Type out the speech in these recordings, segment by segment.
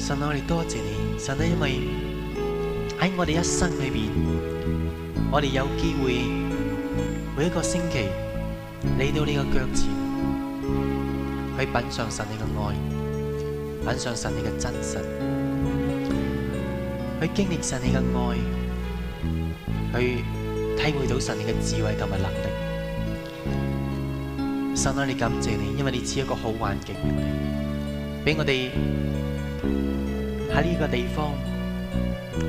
神啊，我哋多謝你。神啊，因為喺我哋一生裏面，我哋有機會每一個星期嚟到你個腳前，去品嘗神你嘅愛，品嘗神你嘅真實，去經歷神你嘅愛，去體會到神你嘅智慧同埋能力。神啊，你感謝你，因為你賜一個好環境俾我哋，俾我哋。喺呢個地方，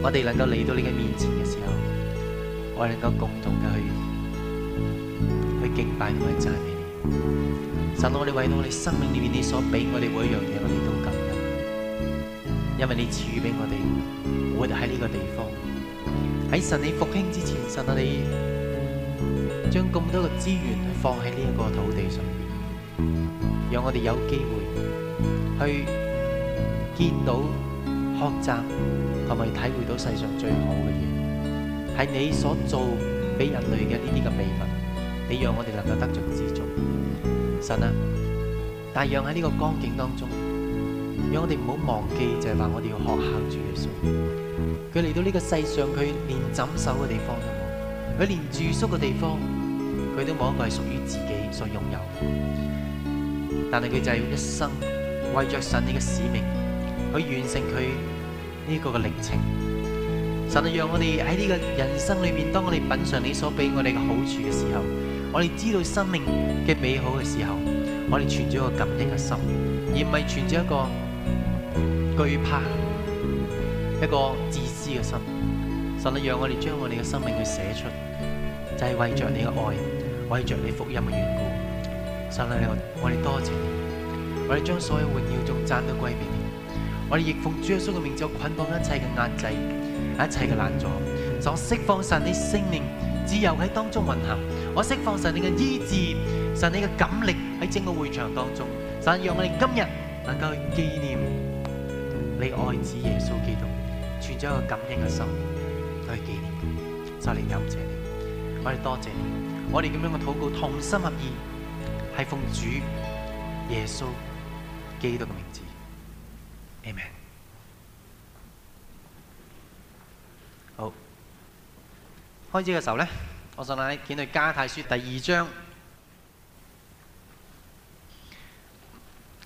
我哋能夠嚟到你嘅面前嘅時候，我哋能夠共同嘅去，去敬拜同埋讚美你。神，我哋為到我哋生命裏面，你所俾我哋每一樣嘢，我哋都感恩，因為你賜予俾我哋活喺呢個地方。喺神你復興之前，神啊，你將咁多嘅資源放喺呢個土地上，讓我哋有機會去見到，學習同埋體會到世上最好嘅嘢，係你所做俾人類嘅呢啲嘅美物，你讓我哋能夠得着知足。神啊，但係讓喺呢個光景當中，讓我哋唔好忘記，就係話我哋要學效主嘅信。佢嚟到呢個世上，佢連枕頭嘅地方都冇，佢連住宿嘅地方，佢都冇一個係屬於自己所擁有。但係佢就係一生為着神你嘅使命去完成佢。呢、這個嘅靈情，神啊，讓我哋喺呢個人生裏面，當我哋品嘗你所俾我哋嘅好處嘅時候，我哋知道生命嘅美好嘅時候，我哋存咗一個感恩嘅心，而唔係存咗一個懼怕、一個自私嘅心。神啊，讓我哋將我哋嘅生命去寫出，就係、是、為着你嘅愛，為着你福音嘅緣故。神啊，你我哋多謝你，我哋將所有榮耀都讚都歸俾你。我哋亦奉主耶穌嘅名字，我捆綁一切嘅壓制，一切嘅攔阻，就釋放神你聖靈自由喺當中運行。我釋放神你嘅醫治，神你嘅感力喺整個會場當中。神，讓我哋今日能夠去紀念你愛子耶穌基督，存着一個感恩嘅心都去紀念。神，我哋感謝你，我哋多謝你。我哋咁樣嘅禱告，同心合意，係奉主耶穌基督嘅名字。amen 好開始嘅時候咧，我想喺《簡略加泰書》第二章。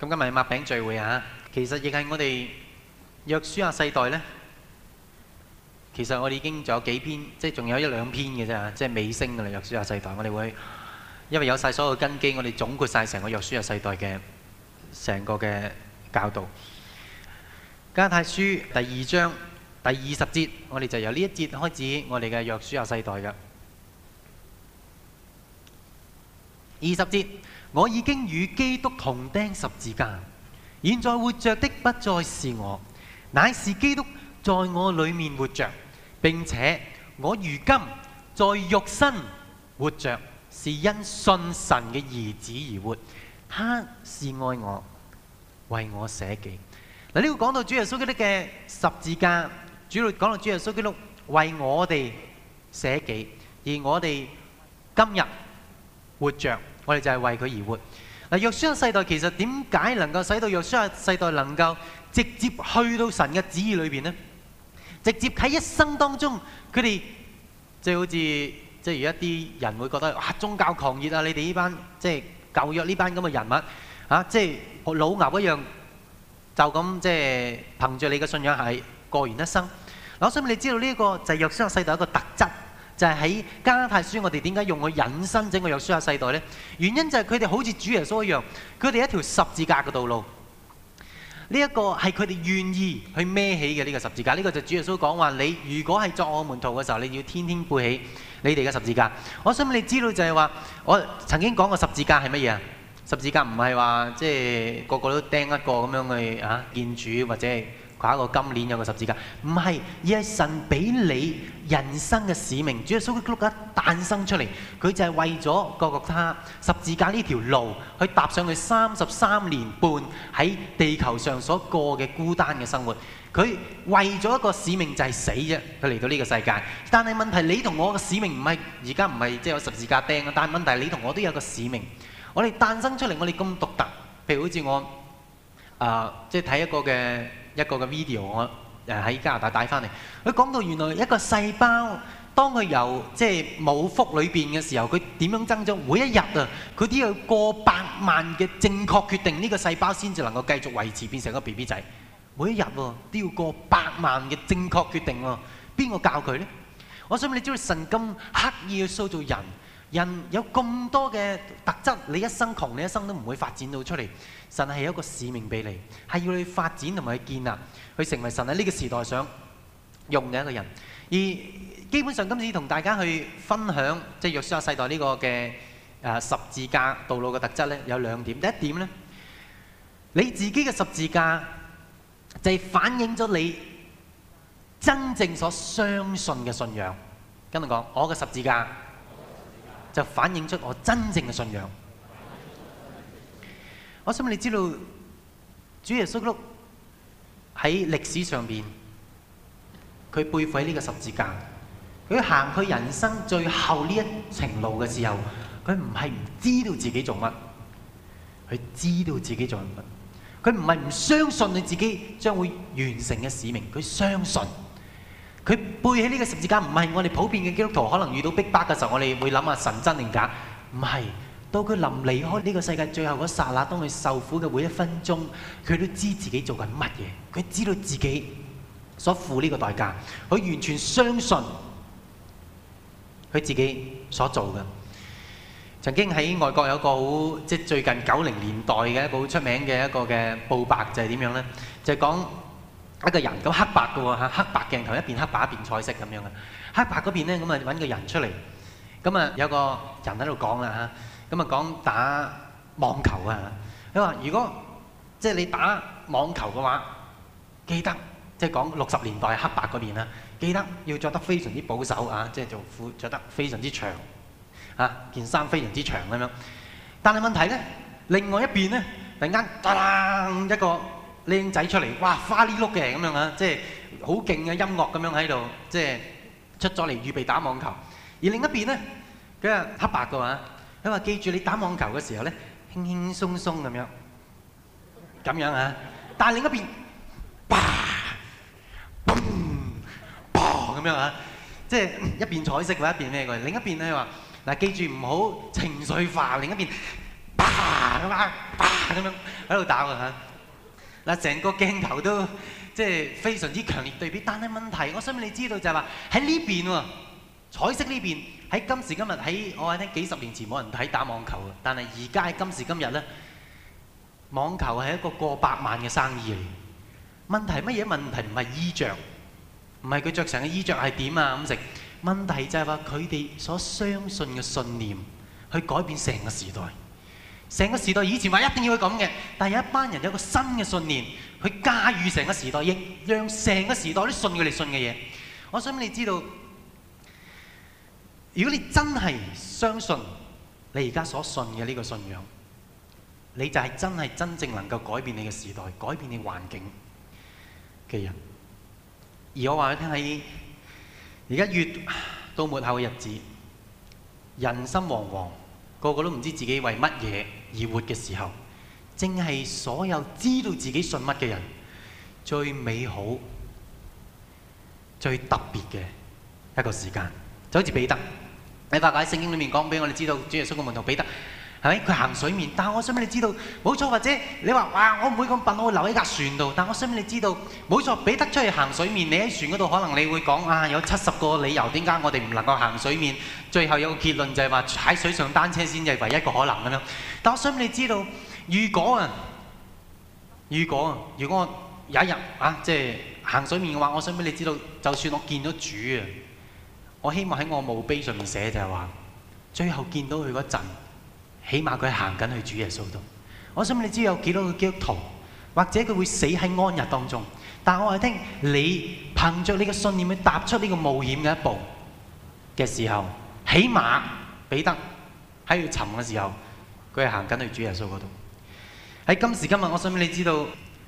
咁今日麥餅聚會啊，其實亦係我哋《約書亞世代》咧。其實我哋已經仲有幾篇，即係仲有一兩篇嘅啫，即係尾聲噶啦。《約書亞世代》，我哋會因為有晒所有根基，我哋總括晒成個《約書亞世代》嘅成個嘅教導。加拉太書第二章第二十節，我哋就由呢一節開始，我哋嘅約書亞世代嘅二十節，我已經與基督同釘十字架，現在活着的不再是我，乃是基督在我裏面活着。並且我如今在肉身活着，是因信神嘅兒子而活，他是愛我，為我捨己。嗱，呢個講到主耶穌基督嘅十字架，主要講到主耶穌基督為我哋捨己，而我哋今日活着，我哋就係為佢而活。嗱，約書亞世代其實點解能夠使到約書亞世代能夠直接去到神嘅旨意裏邊呢？直接喺一生當中，佢哋即係好似即係一啲人會覺得啊，宗教狂熱啊，你哋呢班即係舊約呢班咁嘅人物啊，即係學老牛一樣。就咁即係憑住你嘅信仰係過完一生。我想問你知道呢個就係約書亞世代一個特質，就係喺加太書我哋點解用佢引申整個約書亞世代呢？原因就係佢哋好似主耶穌一樣，佢哋一條十字架嘅道路。呢一個係佢哋願意去孭起嘅呢個十字架。呢個就主耶穌講話：你如果係作我門徒嘅時候，你要天天背起你哋嘅十字架。我想問你知道就係話我曾經講過十字架係乜嘢啊？十字架唔係話即係個個都釘一個咁樣去嚇、啊、見主，或者掛一個金鏈有個十字架，唔係，而係神俾你人生嘅使命，主耶穌基督一誕生出嚟，佢就係為咗個個他十字架呢條路去踏上佢三十三年半喺地球上所過嘅孤單嘅生活。佢為咗一個使命就係死啫，佢嚟到呢個世界。但係問題，你同我嘅使命唔係而家唔係即係有十字架釘嘅，但係問題你同我都有個使命。我哋誕生出嚟，我哋咁獨特。譬如好似我啊，即係睇一個嘅一個嘅 video，我誒喺加拿大帶翻嚟。佢講到原來一個細胞，當佢由即係母腹裏邊嘅時候，佢點樣增長？每一日啊，佢都要過百萬嘅正確決定，呢個細胞先至能夠繼續維持變成一個 BB 仔。每一日喎，都要過百萬嘅正確決定喎。邊個教佢咧？我想問你，知道神咁刻意去塑造人。人有咁多嘅特質，你一生窮，你一生都唔會發展到出嚟。神係有一個使命俾你，係要你發展同埋去建立，去成為神喺呢個時代上用嘅一個人。而基本上今次同大家去分享，即係約書亞世代呢個嘅誒十字架道路嘅特質咧，有兩點。第一點咧，你自己嘅十字架就係、是、反映咗你真正所相信嘅信仰。跟住講，我嘅十字架。就反映出我真正嘅信仰。我想問你知道，主耶穌喺歷史上邊，佢背負呢個十字架，佢行佢人生最後呢一程路嘅時候，佢唔係唔知道自己做乜，佢知道自己做乜，佢唔係唔相信你自己將會完成嘅使命，佢相信。佢背起呢個十字架，唔係我哋普遍嘅基督徒，可能遇到逼迫嘅時候，我哋會諗下神真定假。唔係，到佢臨離開呢個世界最後嗰剎那，當佢受苦嘅每一分鐘，佢都知自己做緊乜嘢，佢知道自己所付呢個代價，佢完全相信佢自己所做嘅。曾經喺外國有一個好，即最近九零年代嘅一個好出名嘅一個嘅報白就係點樣咧？就係、是、講。就是一個人咁黑白嘅喎嚇，黑白鏡頭一邊黑白，一邊彩色咁樣嘅，黑白嗰邊咧咁啊揾個人出嚟，咁啊有個人喺度講啦嚇，咁啊講打網球啊，佢話如果即係、就是、你打網球嘅話，記得即係講六十年代黑白嗰邊啦，記得要着得非常之保守啊，即係做褲着得非常之長啊，件衫非常之長咁樣。但係問題咧，另外一邊咧，突然間噠一個，靚仔出嚟，哇花哩碌嘅咁樣啊，即係好勁嘅音樂咁樣喺度，即係出咗嚟預備打網球。而另一邊咧，佢話黑白嘅話，佢話記住你打網球嘅時候咧，輕輕鬆鬆咁樣，咁樣啊。但係另一邊，砰，砰，砰咁樣啊，即係一邊彩色嘅一邊咩嘅。另一邊咧，話，嗱，記住唔好情緒化。另一邊，砰咁樣，砰咁樣喺度打嘅嚇。嗱，成個鏡頭都即係非常之強烈對比，但係問題，我想俾你知道就係話喺呢邊喎，彩色呢邊喺今時今日喺我聽幾十年前冇人睇打網球嘅。但係而家喺今時今日咧，網球係一個過百萬嘅生意嚟。問題，乜嘢問題？唔係衣著，唔係佢著成嘅衣著係點啊咁食。問題就係話佢哋所相信嘅信念去改變成個時代。成個時代以前話一定要去咁嘅，但係有一班人有個新嘅信念，去駕馭成個時代，亦讓成個時代都信佢哋信嘅嘢。我想畀你知道，如果你真係相信你而家所信嘅呢個信仰，你就係真係真正能夠改變你嘅時代、改變你環境嘅人。而我話你聽喺而家月到末後嘅日子，人心惶惶，個個都唔知自己為乜嘢。而活嘅時候，正係所有知道自己信乜嘅人最美好、最特別嘅一個時間。就好似彼得，你發覺喺聖經裡面講俾我哋知道，主耶穌嘅門徒彼得。佢行水面，但我想俾你知道，冇錯。或者你話哇，我唔會咁笨，我會留喺架船度。但我想俾你知道，冇錯。彼得出去行水面，你喺船嗰度，可能你會講啊，有七十個理由點解我哋唔能夠行水面？最後有個結論就係話，踩水上單車先至係唯一一個可能咁樣。但我想俾你知道，如果啊，如果啊，如果我有一日啊，即係行水面嘅話，我想俾你知道，就算我見到主啊，我希望喺我墓碑上面寫就係話，最後見到佢嗰陣。起碼佢係行緊去主耶穌度，我想你知有幾多個基督徒，或者佢會死喺安逸當中。但我係聽你憑着你嘅信念去踏出呢個冒險嘅一步嘅時候，起碼彼得喺度沉嘅時候，佢係行緊去主耶穌嗰度。喺今時今日，我想俾你知道，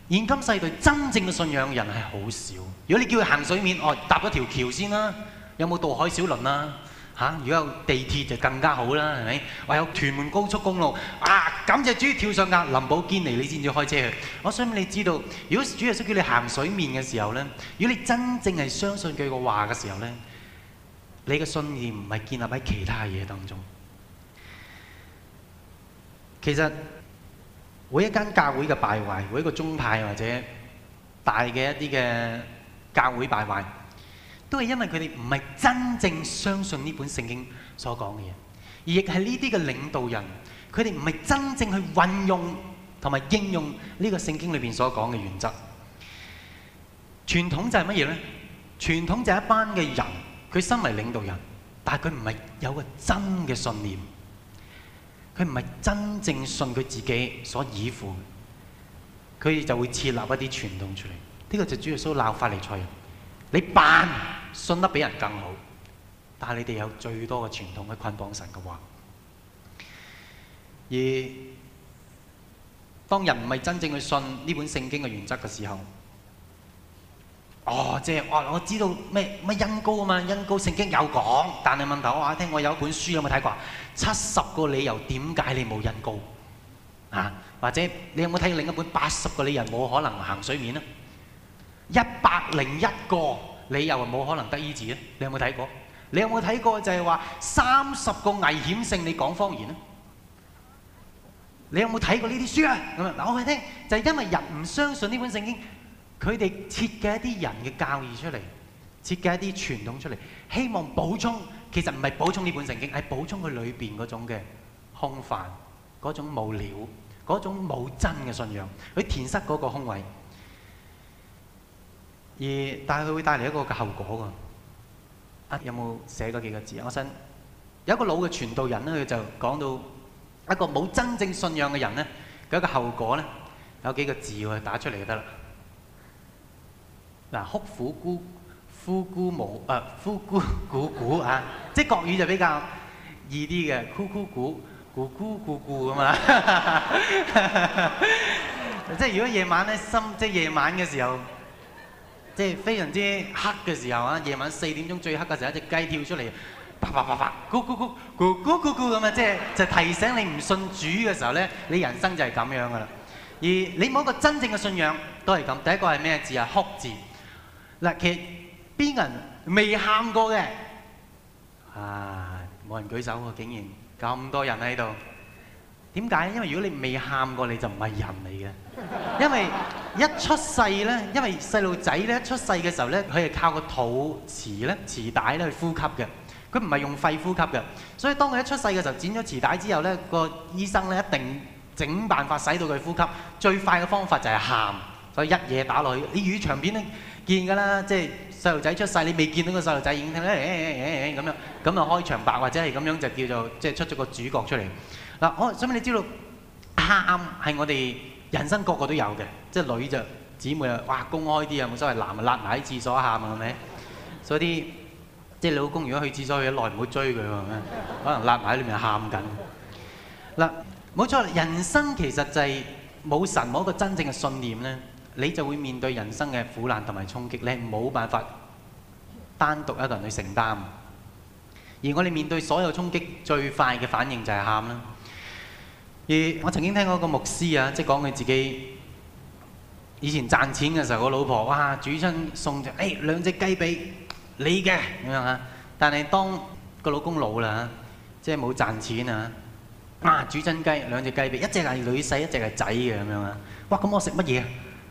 現今世代真正嘅信仰的人係好少。如果你叫佢行水面，我搭咗條橋先啦，有冇渡海小輪啦？啊、如果有地鐵就更加好啦，係咪？話有屯門高速公路啊，感謝主，跳上架林寶堅尼，你先至開車去。我想你知道，如果主耶穌叫你行水面嘅時候咧，如果你真正係相信佢個話嘅時候咧，你嘅信念唔係建立喺其他嘢當中。其實，每一間教會嘅敗壞，每一個宗派或者大嘅一啲嘅教會敗壞。都係因為佢哋唔係真正相信呢本聖經所講嘅嘢，而亦係呢啲嘅領導人，佢哋唔係真正去運用同埋應用呢個聖經裏邊所講嘅原則。傳統就係乜嘢咧？傳統就係一班嘅人，佢身為領導人，但係佢唔係有個真嘅信念，佢唔係真正信佢自己所以附，佢就會設立一啲傳統出嚟。呢個就主要係鬧法利賽人。你扮信得比人更好，但係你哋有最多嘅傳統嘅捆綁神嘅話。而當人唔係真正去信呢本聖經嘅原則嘅時候，哦，即係我我知道咩咩恩膏啊嘛，恩膏聖經有講，但係問題我話聽，我聽有一本書有冇睇過？七十個理由點解你冇恩膏？啊？或者你有冇睇另一本八十個理由冇可能行水面呢？一百零一個你又啊，冇可能得醫治咧！你有冇睇過？你有冇睇過？就係話三十個危險性，你講方言咧？你有冇睇過呢啲書啊？咁啊，嗱，我去聽，就係、是、因為人唔相信呢本聖經，佢哋設計一啲人嘅教義出嚟，設計一啲傳統出嚟，希望補充，其實唔係補充呢本聖經，係補充佢裏邊嗰種嘅空泛，嗰種無聊，嗰種冇真嘅信仰，佢填塞嗰個空位。而但係佢會帶嚟一個嘅後果㗎。啊，有冇寫過幾個字啊？我想有一個老嘅傳道人咧，佢就講到一個冇真正信仰嘅人咧，佢一個後果咧有幾個字喎，打出嚟就得啦。嗱，哭苦姑呼姑母啊，呼姑姑姑啊，即係國語就比較易啲嘅，姑姑姑姑姑姑咁啊。即係如果夜晚咧，深即係夜晚嘅時候。即係非常之黑嘅時候啊，夜晚四點鐘最黑嘅時候，一隻雞跳出嚟，啪啪啪啪，咕咕咕咕咕咕咕咁啊！即係就提醒你唔信主嘅時候咧，你人生就係咁樣噶啦。而你冇一個真正嘅信仰都係咁。第一個係咩字啊？哭字嗱，其實邊人未喊過嘅啊？冇人舉手喎，竟然咁多人喺度。點解？因為如果你未喊過，你就唔係人嚟嘅。因為一出世呢，因為細路仔呢，一出世嘅時候呢，佢係靠個肚臍呢、臍帶呢去呼吸嘅。佢唔係用肺呼吸嘅。所以當佢一出世嘅時候剪咗臍帶之後呢，個醫生呢一定整辦法使到佢呼吸。最快嘅方法就係喊。所以一嘢打落去，你魚場邊呢？見㗎啦。即係細路仔出世，你未見到個細路仔已經聽咧咁、哎哎哎哎、樣，咁就開場白或者係咁樣就叫做即係出咗個主角出嚟。嗱、哦，我想問你知道，喊係我哋人生個個都有嘅，即係女就姊妹啊，哇，公開啲啊，冇所謂；男啊，揦埋喺廁所喊啊，係咪？所以啲即係老公如果去廁所去一耐，唔好追佢喎，可能揦埋喺裏面喊緊。嗱、嗯，冇錯，人生其實就係冇神冇一個真正嘅信念咧，你就會面對人生嘅苦難同埋衝擊，你冇辦法單獨一個人去承擔。而我哋面對所有衝擊，最快嘅反應就係喊啦。而我曾經聽過個牧師啊，即係講佢自己以前賺錢嘅時候，個老婆哇煮親餸就誒兩隻雞髀你嘅咁樣啊。但係當個老公老啦，即係冇賺錢啊，啊煮親雞兩隻雞髀，一隻係女細，一隻係仔嘅咁樣啊。哇！咁我食乜嘢？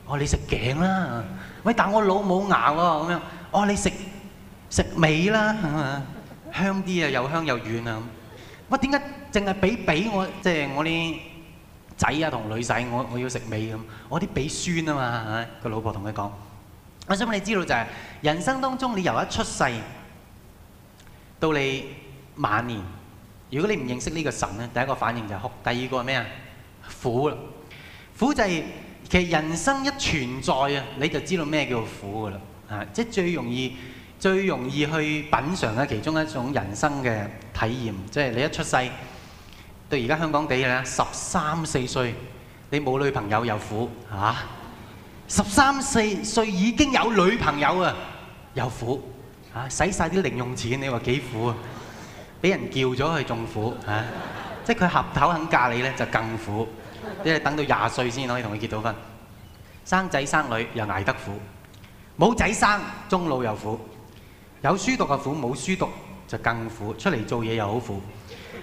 我話你食頸啦。喂，但我老冇牙喎，咁樣。我話你食食尾啦，係嘛香啲啊，又香又軟啊。哇！點解？淨係俾俾我，即係我啲仔啊同女仔，我我要食味咁。我啲俾孫啊嘛，個老婆同佢講。我想問你知道就係人生當中，你由一出世到你晚年，如果你唔認識呢個神咧，第一個反應就係哭。第二個係咩啊？苦啦，苦就係其實人生一存在啊，你就知道咩叫苦噶啦。啊，即係最容易、最容易去品嚐嘅其中一種人生嘅體驗，即係你一出世。到而家香港地嘅咧，十三四歲你冇女朋友又苦嚇，十三四歲已經有女朋友啊，又苦嚇，使曬啲零用錢，你話幾苦啊？俾人叫咗去仲苦嚇，即係佢合頭肯嫁你咧就更苦，因為等到廿歲先可以同佢結到婚，生仔生女又捱得苦，冇仔生中老又苦，有書讀嘅苦，冇書讀就更苦，出嚟做嘢又好苦。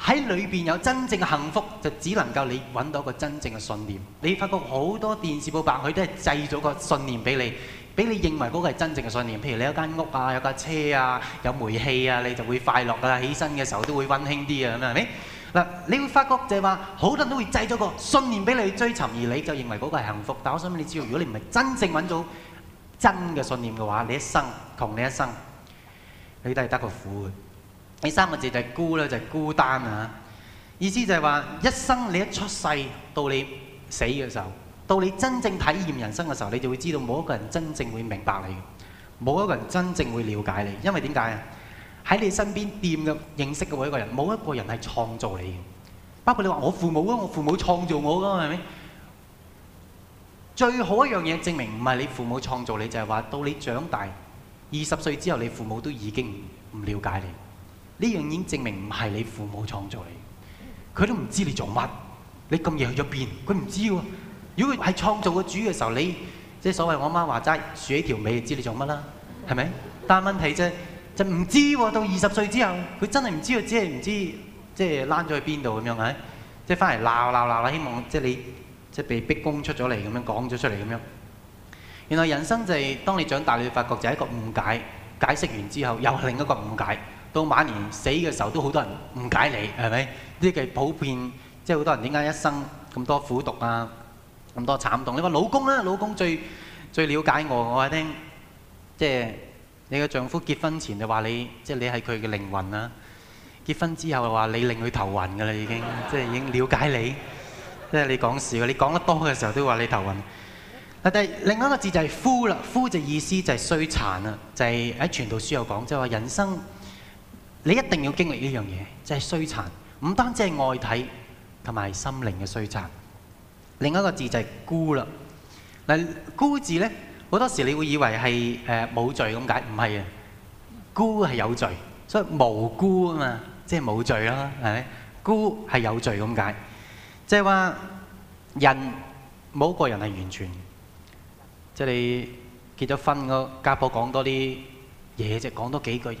喺裏邊有真正嘅幸福，就只能夠你揾到一個真正嘅信念。你發覺好多電視報白，佢都係製咗個信念俾你，俾你認為嗰個係真正嘅信念。譬如你有間屋啊，有架車啊，有煤氣啊，你就會快樂㗎啦。起身嘅時候都會温馨啲啊。咁樣，係咪？嗱，你會發覺就係話好多人都會製咗個信念俾你去追尋，而你就認為嗰個係幸福。但我想俾你知道，如果你唔係真正揾到真嘅信念嘅話，你一生窮你一生，你都係得個苦嘅。呢三個字就係孤啦，就係孤單啊！意思就係話，一生你一出世到你死嘅時候，到你真正體驗人生嘅時候，你就會知道冇一個人真正會明白你，冇一個人真正會了解你。因為點解啊？喺你身邊掂嘅認識嘅每一個人，冇一個人係創造你嘅。包括你話我父母啊，我父母創造我㗎嘛，係咪？最好一樣嘢證明唔係你父母創造你，就係話到你長大二十歲之後，你父母都已經唔了解你。呢樣已經證明唔係你父母創造你，佢都唔知你做乜，你咁夜去咗邊，佢唔知喎。如果佢係創造個主嘅時候，你即係所謂我媽話齋豎起條尾，知你做乜啦，係咪？但係問題啫，就唔知喎。到二十歲之後，佢真係唔知，只係唔知，即係躝咗去邊度咁樣係，即係翻嚟鬧鬧鬧啦，希望即係你即係被逼供出咗嚟咁樣講咗出嚟咁樣。原來人生就係當你長大你發覺就係一個誤解，解釋完之後又係另一個誤解。到晚年死嘅時候，都好多人誤解你，係咪呢？嘅普遍即係好多人點解一生咁多苦毒啊，咁多慘痛？你話老公啦，老公最最了解我。我聽即係你嘅丈夫結婚前就話你，即係你係佢嘅靈魂啊。結婚之後話你令佢頭暈嘅啦，已經即係已經了解你，即係你講笑。你講得多嘅時候都話你頭暈。第另外一個字就係枯啦，枯就意思就係衰殘啊，就係喺《傳道書》有講，即係話人生。你一定要經歷呢樣嘢，即係衰殘，唔單止係外體同埋心靈嘅衰殘。另一個字就係孤啦。嗱，孤字咧，好多時你會以為係誒冇罪咁解，唔係啊。孤係有罪，所以無辜啊嘛，即係冇罪啦，係咪？孤係有罪咁解，即係話人冇一個人係完全，即係你結咗婚個家婆講多啲嘢即係講多幾句啫。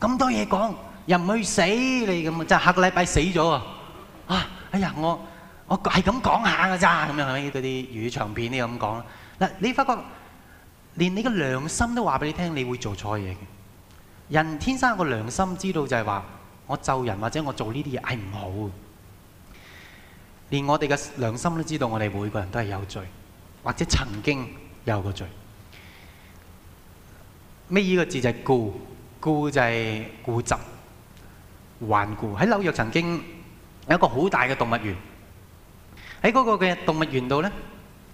咁多嘢講，又唔去死你咁，即係下個禮拜死咗喎！啊，哎呀，我我係咁講下噶咋，咁樣係咪嗰啲粵語長片啲咁講？嗱，你發覺連你嘅良心都話俾你聽，你會做錯嘢嘅。人天生個良心知道就係話，我咒人或者我做呢啲嘢係唔好。連我哋嘅良心都知道，我哋每個人都係有罪，或者曾經有過罪。咩？依個字就係故。固就係固執、頑固。喺紐約曾經有一個好大嘅動物園，喺嗰個嘅動物園度咧，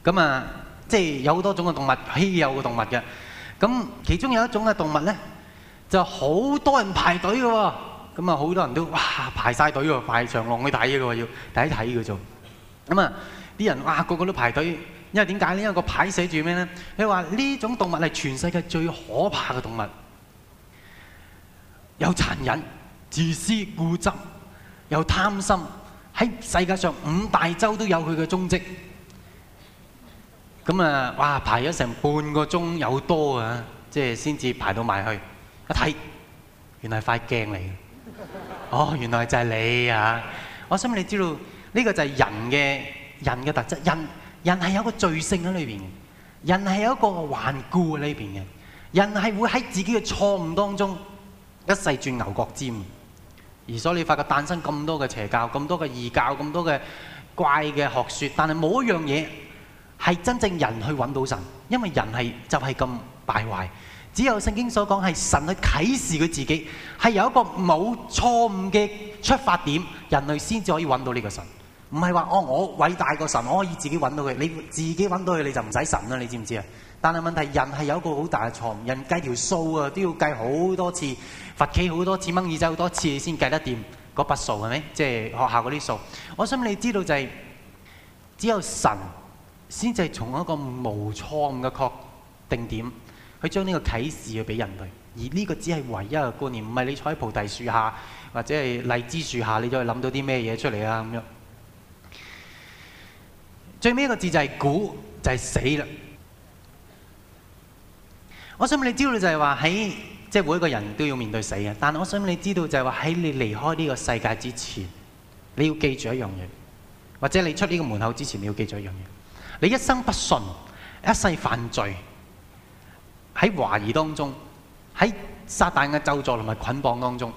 咁啊，即係有好多種嘅動物，稀有嘅動物嘅。咁其中有一種嘅動物咧，就好多人排隊嘅喎。咁啊，好多人都哇排晒隊喎，排長龍去睇嘅喎，要睇一睇嘅啫。咁啊，啲人哇個個都排隊，因為點解咧？因為個牌寫住咩咧？佢話呢種動物係全世界最可怕嘅動物。有殘忍、自私、固執，又貪心，喺世界上五大洲都有佢嘅蹤跡。咁啊，哇排咗成半個鐘有多啊，即係先至排到埋去。一睇，原來係塊鏡嚟嘅。哦，原來就係你啊！我心你知道呢個就係人嘅人嘅特質。人，人係有個罪性喺裏邊嘅。人係有一個頑固喺裏邊嘅。人係會喺自己嘅錯誤當中。一世鑽牛角尖，而所以你發覺誕生咁多嘅邪教、咁多嘅異教、咁多嘅怪嘅學說，但係冇一樣嘢係真正人去揾到神，因為人係就係咁敗壞。只有聖經所講係神去啟示佢自己，係有一個冇錯誤嘅出發點，人類先至可以揾到呢個神。唔係話哦，我偉大過神，我可以自己揾到佢，你自己揾到佢你就唔使神啦，你知唔知啊？但係問題是，人係有一個好大嘅錯誤，人計條數啊，都要計好多次，罰企好多次，掹耳仔好多次，先計得掂嗰筆數係咪？即係、就是、學校嗰啲數。我想你知道就係、是、只有神先至從一個無錯誤嘅確定點，去將呢個啟示去俾人類。而呢個只係唯一嘅觀念，唔係你坐喺菩提樹下或者係荔枝樹下，你都可以諗到啲咩嘢出嚟啊咁樣。最尾一個字就係、是、估，就係、是、死啦。我想問你知道就係話，喺即係每一個人都要面對死嘅。但係我想問你知道就係話，喺你離開呢個世界之前，你要記住一樣嘢，或者你出呢個門口之前，你要記住一樣嘢。你一生不信，一世犯罪，喺懷疑當中，喺撒旦嘅咒詛同埋捆綁當中，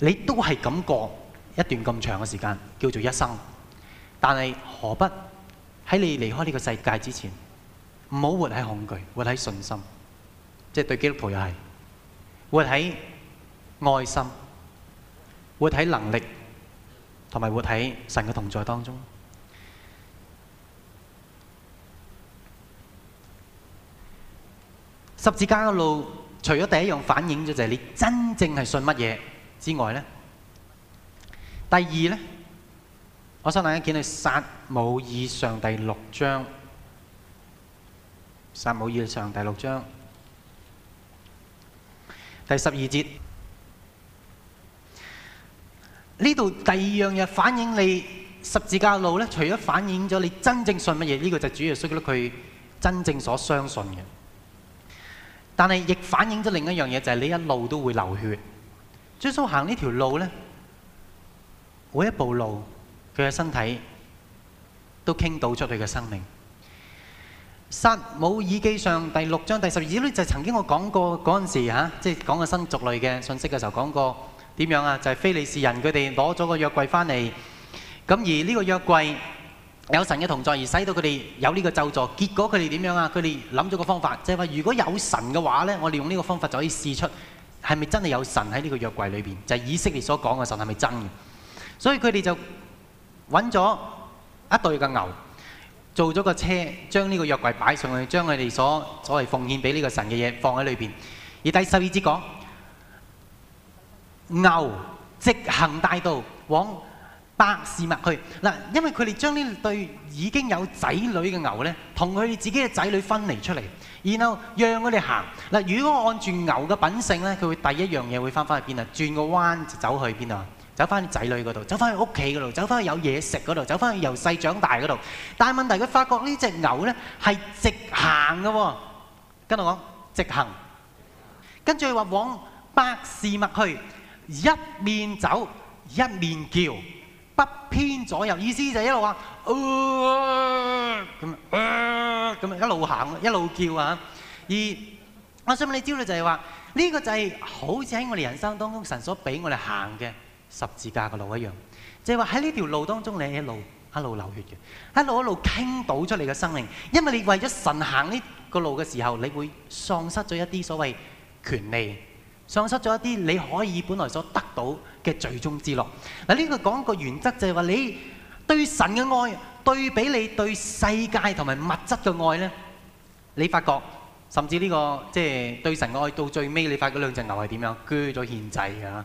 你都係咁過一段咁長嘅時間，叫做一生。但係何不喺你離開呢個世界之前，唔好活喺恐懼，活喺信心。即係對基督徒又係，活喺愛心，活喺能力，同埋活喺神嘅同在當中。十字架嘅路，除咗第一樣反映咗就係你真正係信乜嘢之外咧，第二咧，我想大家見到撒母耳上第六章，撒母耳上第六章。第十二節，呢度第二樣嘢反映你十字架路咧，除咗反映咗你真正信乜嘢，呢、這個就是主要屬於佢真正所相信嘅。但係亦反映咗另一樣嘢，就係、是、你一路都會流血。耶穌行呢條路咧，每一步路，佢嘅身體都傾倒出佢嘅生命。撒母耳記上第六章第十二，呢就曾經我講過嗰陣時嚇，即係講個新族類嘅信息嘅時候講過點樣啊？就係非利士人佢哋攞咗個約櫃翻嚟，咁而呢個約櫃有神嘅同在，而使到佢哋有呢個咒詛。結果佢哋點樣啊？佢哋諗咗個方法，就係話如果有神嘅話咧，我哋用呢個方法就可以試出係咪真係有神喺呢個約櫃裏邊。就係以色列所講嘅神係咪真嘅？所以佢哋就揾咗一對嘅牛。做咗個車，將呢個約櫃擺上去，將佢哋所所謂奉獻俾呢個神嘅嘢放喺裏邊。而第十二節講，牛直行大道往伯示麥去嗱，因為佢哋將呢對已經有仔女嘅牛咧，同佢哋自己嘅仔女分離出嚟，然後讓佢哋行嗱。如果按住牛嘅品性咧，佢會第一樣嘢會翻返去邊啊？轉個彎就走去邊啊？走翻啲仔女嗰度，走翻去屋企嗰度，走翻去有嘢食嗰度，走翻去由細長大嗰度。但係問題，佢發覺呢隻牛咧係直行嘅，跟住我講直行。跟住佢話往伯示麥去，一面走一面叫，不偏左右。意思就係一路話，咁咁一路行一路叫啊。而，我想問你，招咧就係話呢個就係好似喺我哋人生當中神所俾我哋行嘅。十字架嘅路一樣，就係話喺呢條路當中，你一路一路流血嘅，一路一路傾倒出你嘅生命。因為你為咗神行呢個路嘅時候，你會喪失咗一啲所謂權利，喪失咗一啲你可以本來所得到嘅罪中之樂。嗱，呢個講個原則就係話，你對神嘅愛對比你對世界同埋物質嘅愛呢，你發覺甚至呢、這個即係、就是、對神嘅愛到最尾，你發覺兩隻牛係點樣？鋸咗獻祭嘅。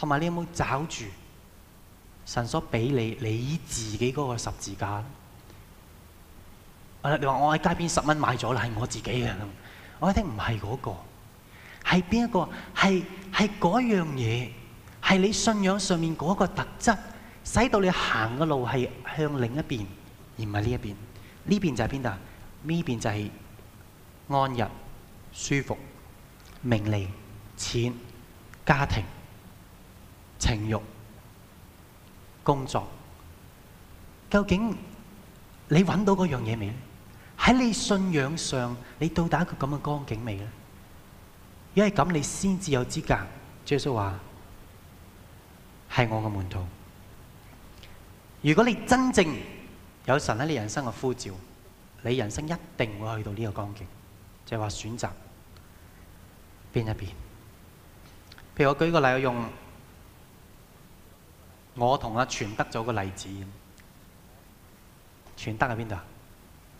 同埋，你有冇找住神所俾你你自己嗰個十字架？你話我喺街邊十蚊買咗啦，係我自己嘅咁。我一定唔係嗰個，係邊一個？係係嗰樣嘢，係你信仰上面嗰個特質，使到你行嘅路係向另一邊，而唔係呢一邊。呢邊就係邊度？呢邊就係安逸、舒服、名利、錢、家庭。情欲、工作，究竟你揾到嗰樣嘢未咧？喺你信仰上，你到達一個咁嘅光景未咧？因為咁，你先至有資格。耶穌話：係我嘅門徒。如果你真正有神喺你人生嘅呼召，你人生一定會去到呢個光景，就係話選擇邊一邊。譬如我舉個例，我用。我同阿全德做個例子。全德喺邊度啊？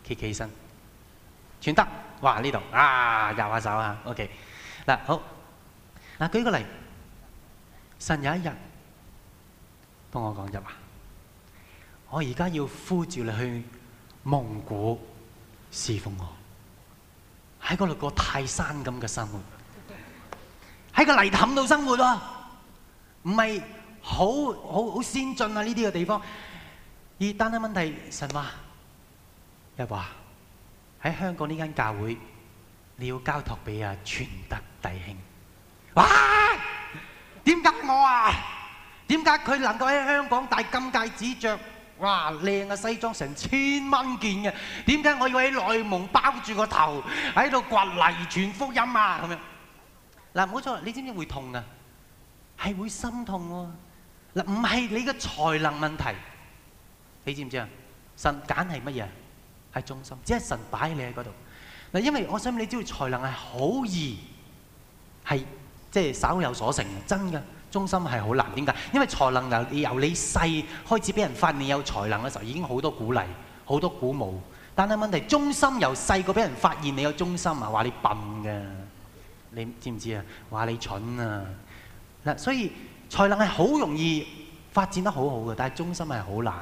企企起身。全德，哇，呢度，啊，右手啊，OK。嗱好，嗱舉個例。神有一日，幫我講一話。我而家要呼召你去蒙古侍奉我，喺嗰度過泰山咁嘅生活，喺個泥氹度生活喎，唔係。好好好先進啊！呢啲嘅地方，而單單問題神話又話喺香港呢間教會，你要交託俾啊全德弟兄。哇！點解我啊？點解佢能夠喺香港戴金戒指著？哇！靚嘅西裝成千蚊件嘅，點解我要喺內蒙包住個頭喺度掘泥傳福音啊？咁樣嗱，冇錯，你知唔知會痛啊？係會心痛喎！嗱，唔係你嘅才能問題，你知唔知啊？神揀係乜嘢？係忠心，只係神擺你喺嗰度。嗱，因為我想你知道，才能係好易，係即係稍有所成的，真嘅忠心係好難。點解？因為才能由你細開始俾人發現你有才能嘅時候，已經好多鼓勵，好多鼓舞。但係問題是忠心由細個俾人發現你有忠心啊，話你笨嘅，你知唔知啊？話你蠢啊！嗱，所以。才能係好容易發展得好好嘅，但係忠心係好難。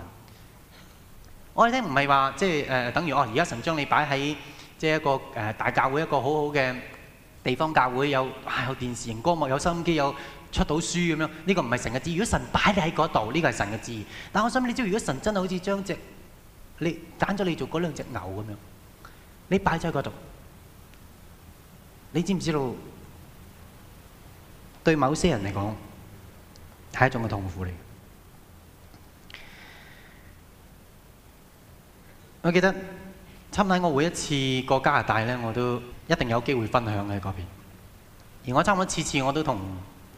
我哋咧唔係話即係誒、呃，等於哦，而家神將你擺喺即係一個誒、呃、大教會一個好好嘅地方教會，有、啊、有電視熒光幕，有收音機，有出到書咁樣。呢、這個唔係神嘅旨意，如果神擺你喺嗰度，呢個係神嘅旨意。但我想問你知道，如果神真係好似將只你揀咗你做嗰兩隻牛咁樣，你擺咗喺嗰度，你知唔知道對某些人嚟講？嗯係一種嘅痛苦嚟。我記得，差唔多我每一次過加拿大咧，我都一定有機會分享喺嗰邊。而我差唔多次次我都同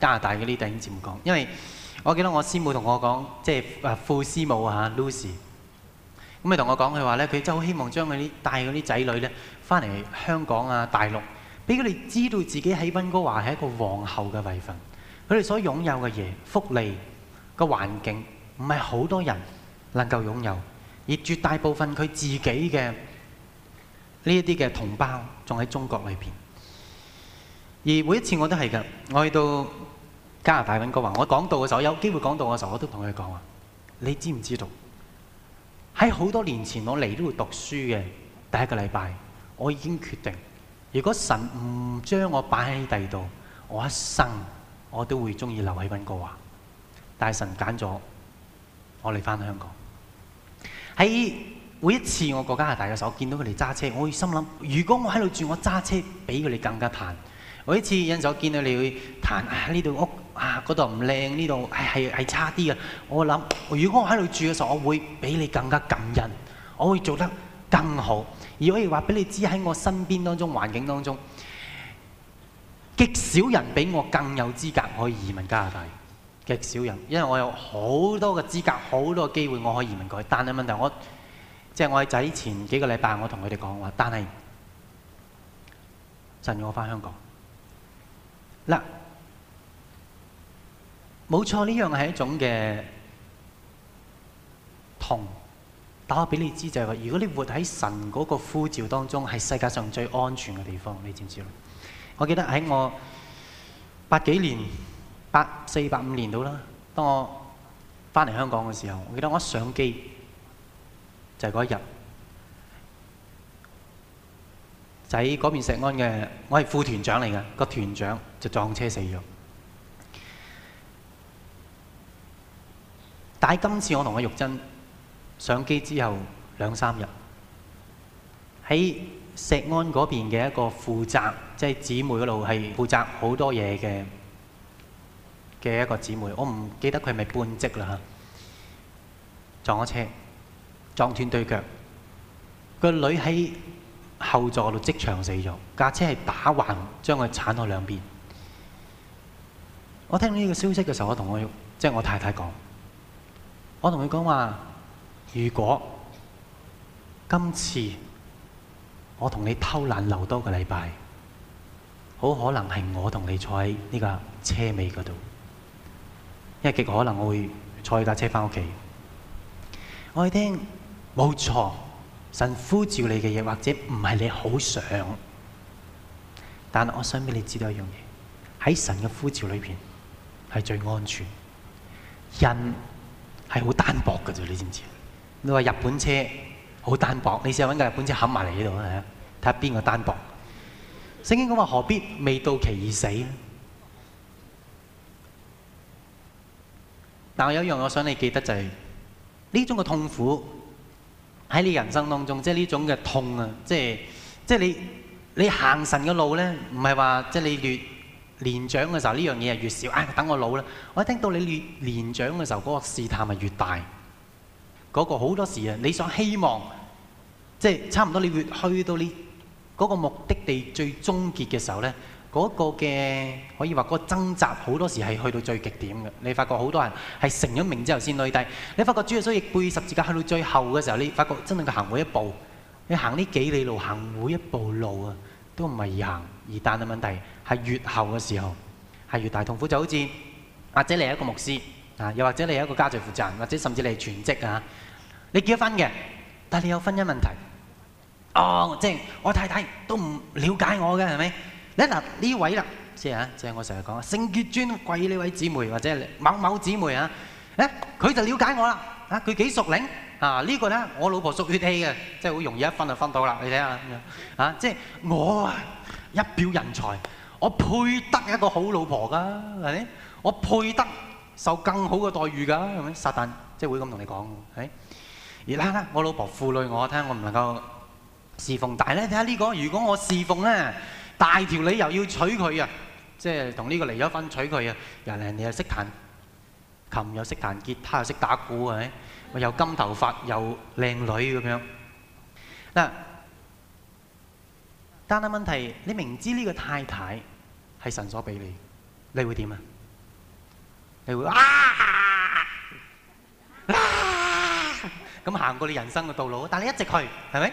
加拿大嘅呢頂姊妹講，因為我記得我師母同我講，即係啊傅師母啊 Lucy，咁咪同我講佢話咧，佢真係好希望將佢啲帶嗰啲仔女咧翻嚟香港啊大陸，俾佢哋知道自己喺溫哥華係一個皇后嘅位份。佢哋所擁有嘅嘢、福利、個環境，唔係好多人能夠擁有，而絕大部分佢自己嘅呢一啲嘅同胞，仲喺中國裏邊。而每一次我都係㗎，我去到加拿大溫哥華，我講到嘅時候，有機會講到嘅時候，我都同佢講話：你知唔知道？喺好多年前，我嚟呢度讀書嘅第一個禮拜，我已經決定，如果神唔將我擺喺第二度，我一生。我都會中意劉偉斌哥啊，大神揀咗我嚟返香港。喺每一次我過加拿大嘅時候，我見到佢哋揸車，我會心諗：如果我喺度住，我揸車比佢哋更加彈、啊啊啊。我一次有陣時見到你去彈，喺呢度屋啊嗰度唔靚，呢度係係差啲嘅。我諗：如果我喺度住嘅時候，我會比你更加感恩，我會做得更好。而可以話俾你知喺我身邊當中環境當中。極少人比我更有資格可以移民加拿大，極少人，因為我有好多個資格，好多個機會我可以移民過去。但係問題我，即係我喺仔前幾個禮拜，我同佢哋講話，但係神要我翻香港。嗱，冇錯，呢樣係一種嘅痛。但我俾你知就係話，如果你活喺神嗰個呼召當中，係世界上最安全嘅地方，你知唔知？我記得喺我八幾年八四八五年度啦，當我翻嚟香港嘅時候，我記得我一上機就係嗰一日，喺嗰邊石安嘅，我係副團長嚟嘅，個團長就撞車死咗。但係今次我同阿玉珍上機之後兩三日，喺石安嗰邊嘅一個負責。即係姊妹嗰度係負責好多嘢嘅嘅一個姊妹，我唔記得佢係咪半職啦嚇。撞咗車，撞斷對腳。個女喺後座嗰度即場死咗，架車係打橫將佢鏟到兩邊。我聽到呢個消息嘅時候，我同我即係、就是、我太太講，我同佢講話：如果今次我同你偷懶留多個禮拜。好可能係我同你坐喺呢架車尾嗰度，因為極可能我會坐呢架車翻屋企。我聽，冇錯，神呼召你嘅嘢，或者唔係你好想。但我想俾你知道一樣嘢，喺神嘅呼召裏邊係最安全。人係好單薄㗎啫，你知唔知？你話日本車好單薄，你試下揾架日本車冚埋嚟呢度啊？睇下邊個單薄。聖經講話何必未到期而死咧？但我有一樣我想你記得就係呢種嘅痛苦喺你人生當中，即係呢種嘅痛啊！即係即係你你行神嘅路咧，唔係話即係你越年長嘅時候，呢樣嘢係越少啊！等我老啦，我一聽到你越年長嘅時候，嗰個試探係越大。嗰個好多時啊，你想希望即係差唔多你越去到你。嗰個目的地最終結嘅時候呢，嗰個嘅可以話嗰個掙扎好多時係去到最極點嘅。你發覺好多人係成咗名之後先累低。你發覺主耶穌背十字架去到最後嘅時候，你發覺真係佢行每一步，你行呢幾里路，行每一步路啊，都唔係易行而，但嘅問題係越後嘅時候係越大痛苦。就好似或者你係一個牧師啊，又或者你係一個家務負責人，或者甚至你係全職啊，你結咗婚嘅，但係你有婚姻問題。哦，即係我太太都唔瞭解我嘅，係咪咧嗱？呢位啦，即係啊，即係我成日講聖潔尊貴呢位姊妹或者某某姊妹啊，誒佢就瞭解我啦。啊，佢幾熟靈啊？呢個咧，我老婆屬血氣嘅，即係好容易一分就分到啦。你睇下嚇，即係我啊一表人才，我配得一個好老婆㗎，係咪？我配得受更好嘅待遇㗎，係咪？撒旦即係會咁同你講，係而啦啦，我老婆負累我，睇下我唔能夠，侍奉，但係咧，睇下呢個。如果我侍奉咧，大條理由要娶佢啊，即係同呢個離咗婚娶佢啊。人哋又識彈琴又識彈吉他又識打鼓，係咪？又金頭髮又靚女咁樣。嗱，但係問題，你明知呢個太太係神所俾你，你會點啊？你會啊啊！咁行過你人生嘅道路，但係你一直去，係咪？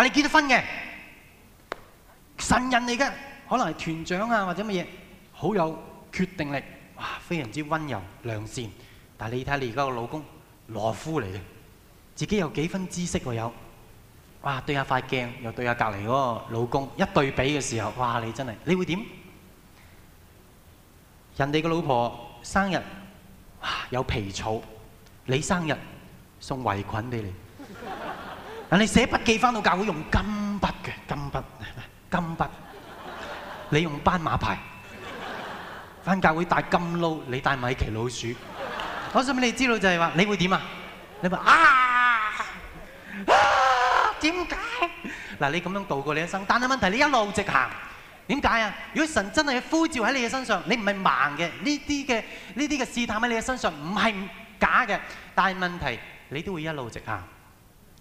但係你結咗婚嘅，神人嚟嘅，可能係團長啊或者乜嘢，好有決定力，哇，非常之溫柔良善。但係你睇你而家個老公，懦夫嚟嘅，自己有幾分知識喎有，哇，對下塊鏡又對下隔籬嗰個老公一對比嘅時候，哇，你真係，你會點？人哋個老婆生日，哇，有皮草，你生日送圍裙俾你。嗱，你寫筆記翻到教會用金筆嘅，金筆，金筆。你用斑馬牌翻教會帶金撈，你帶米奇老鼠。我想畀你知道就係話，你會點啊？你話啊啊，點解？嗱，你咁樣度過你一生，但係問題你一路直行，點解啊？如果神真係呼召喺你嘅身上，你唔係盲嘅，呢啲嘅呢啲嘅試探喺你嘅身上唔係假嘅，但係問題你都會一路直行。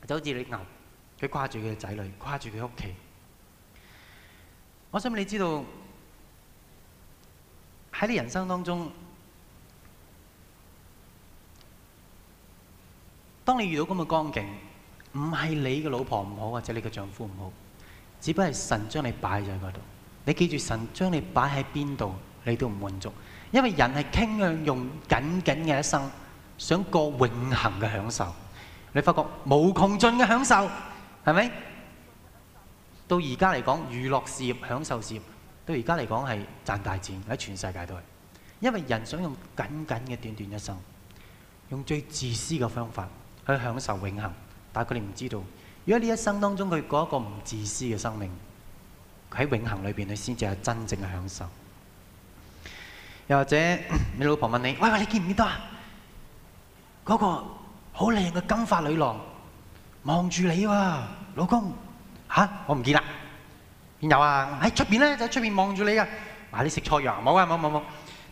就好似你牛，佢掛住佢嘅仔女，掛住佢屋企。我想你知道喺你人生當中，當你遇到咁嘅光景，唔係你嘅老婆唔好或者你嘅丈夫唔好，只不過係神將你擺咗喺嗰度。你記住，神將你擺喺邊度，你都唔滿足，因為人係傾向用僅僅嘅一生，想過永恆嘅享受。你發覺無窮盡嘅享受，係咪？到而家嚟講，娛樂事業、享受事業，到而家嚟講係賺大錢，喺全世界都係。因為人想用僅僅嘅短短一生，用最自私嘅方法去享受永恆。但係佢哋唔知道，如果呢一生當中佢過一個唔自私嘅生命，喺永恆裏面，佢先至係真正嘅享受。又或者你老婆問你：喂喂，你見唔見到啊？嗰個。好靚嘅金髮女郎望住你喎、啊，老公吓、啊？我唔見啦，邊有啊？喺出邊咧，就喺出邊望住你啊！嗱、啊，你食錯藥冇啊？冇冇冇！嗱、啊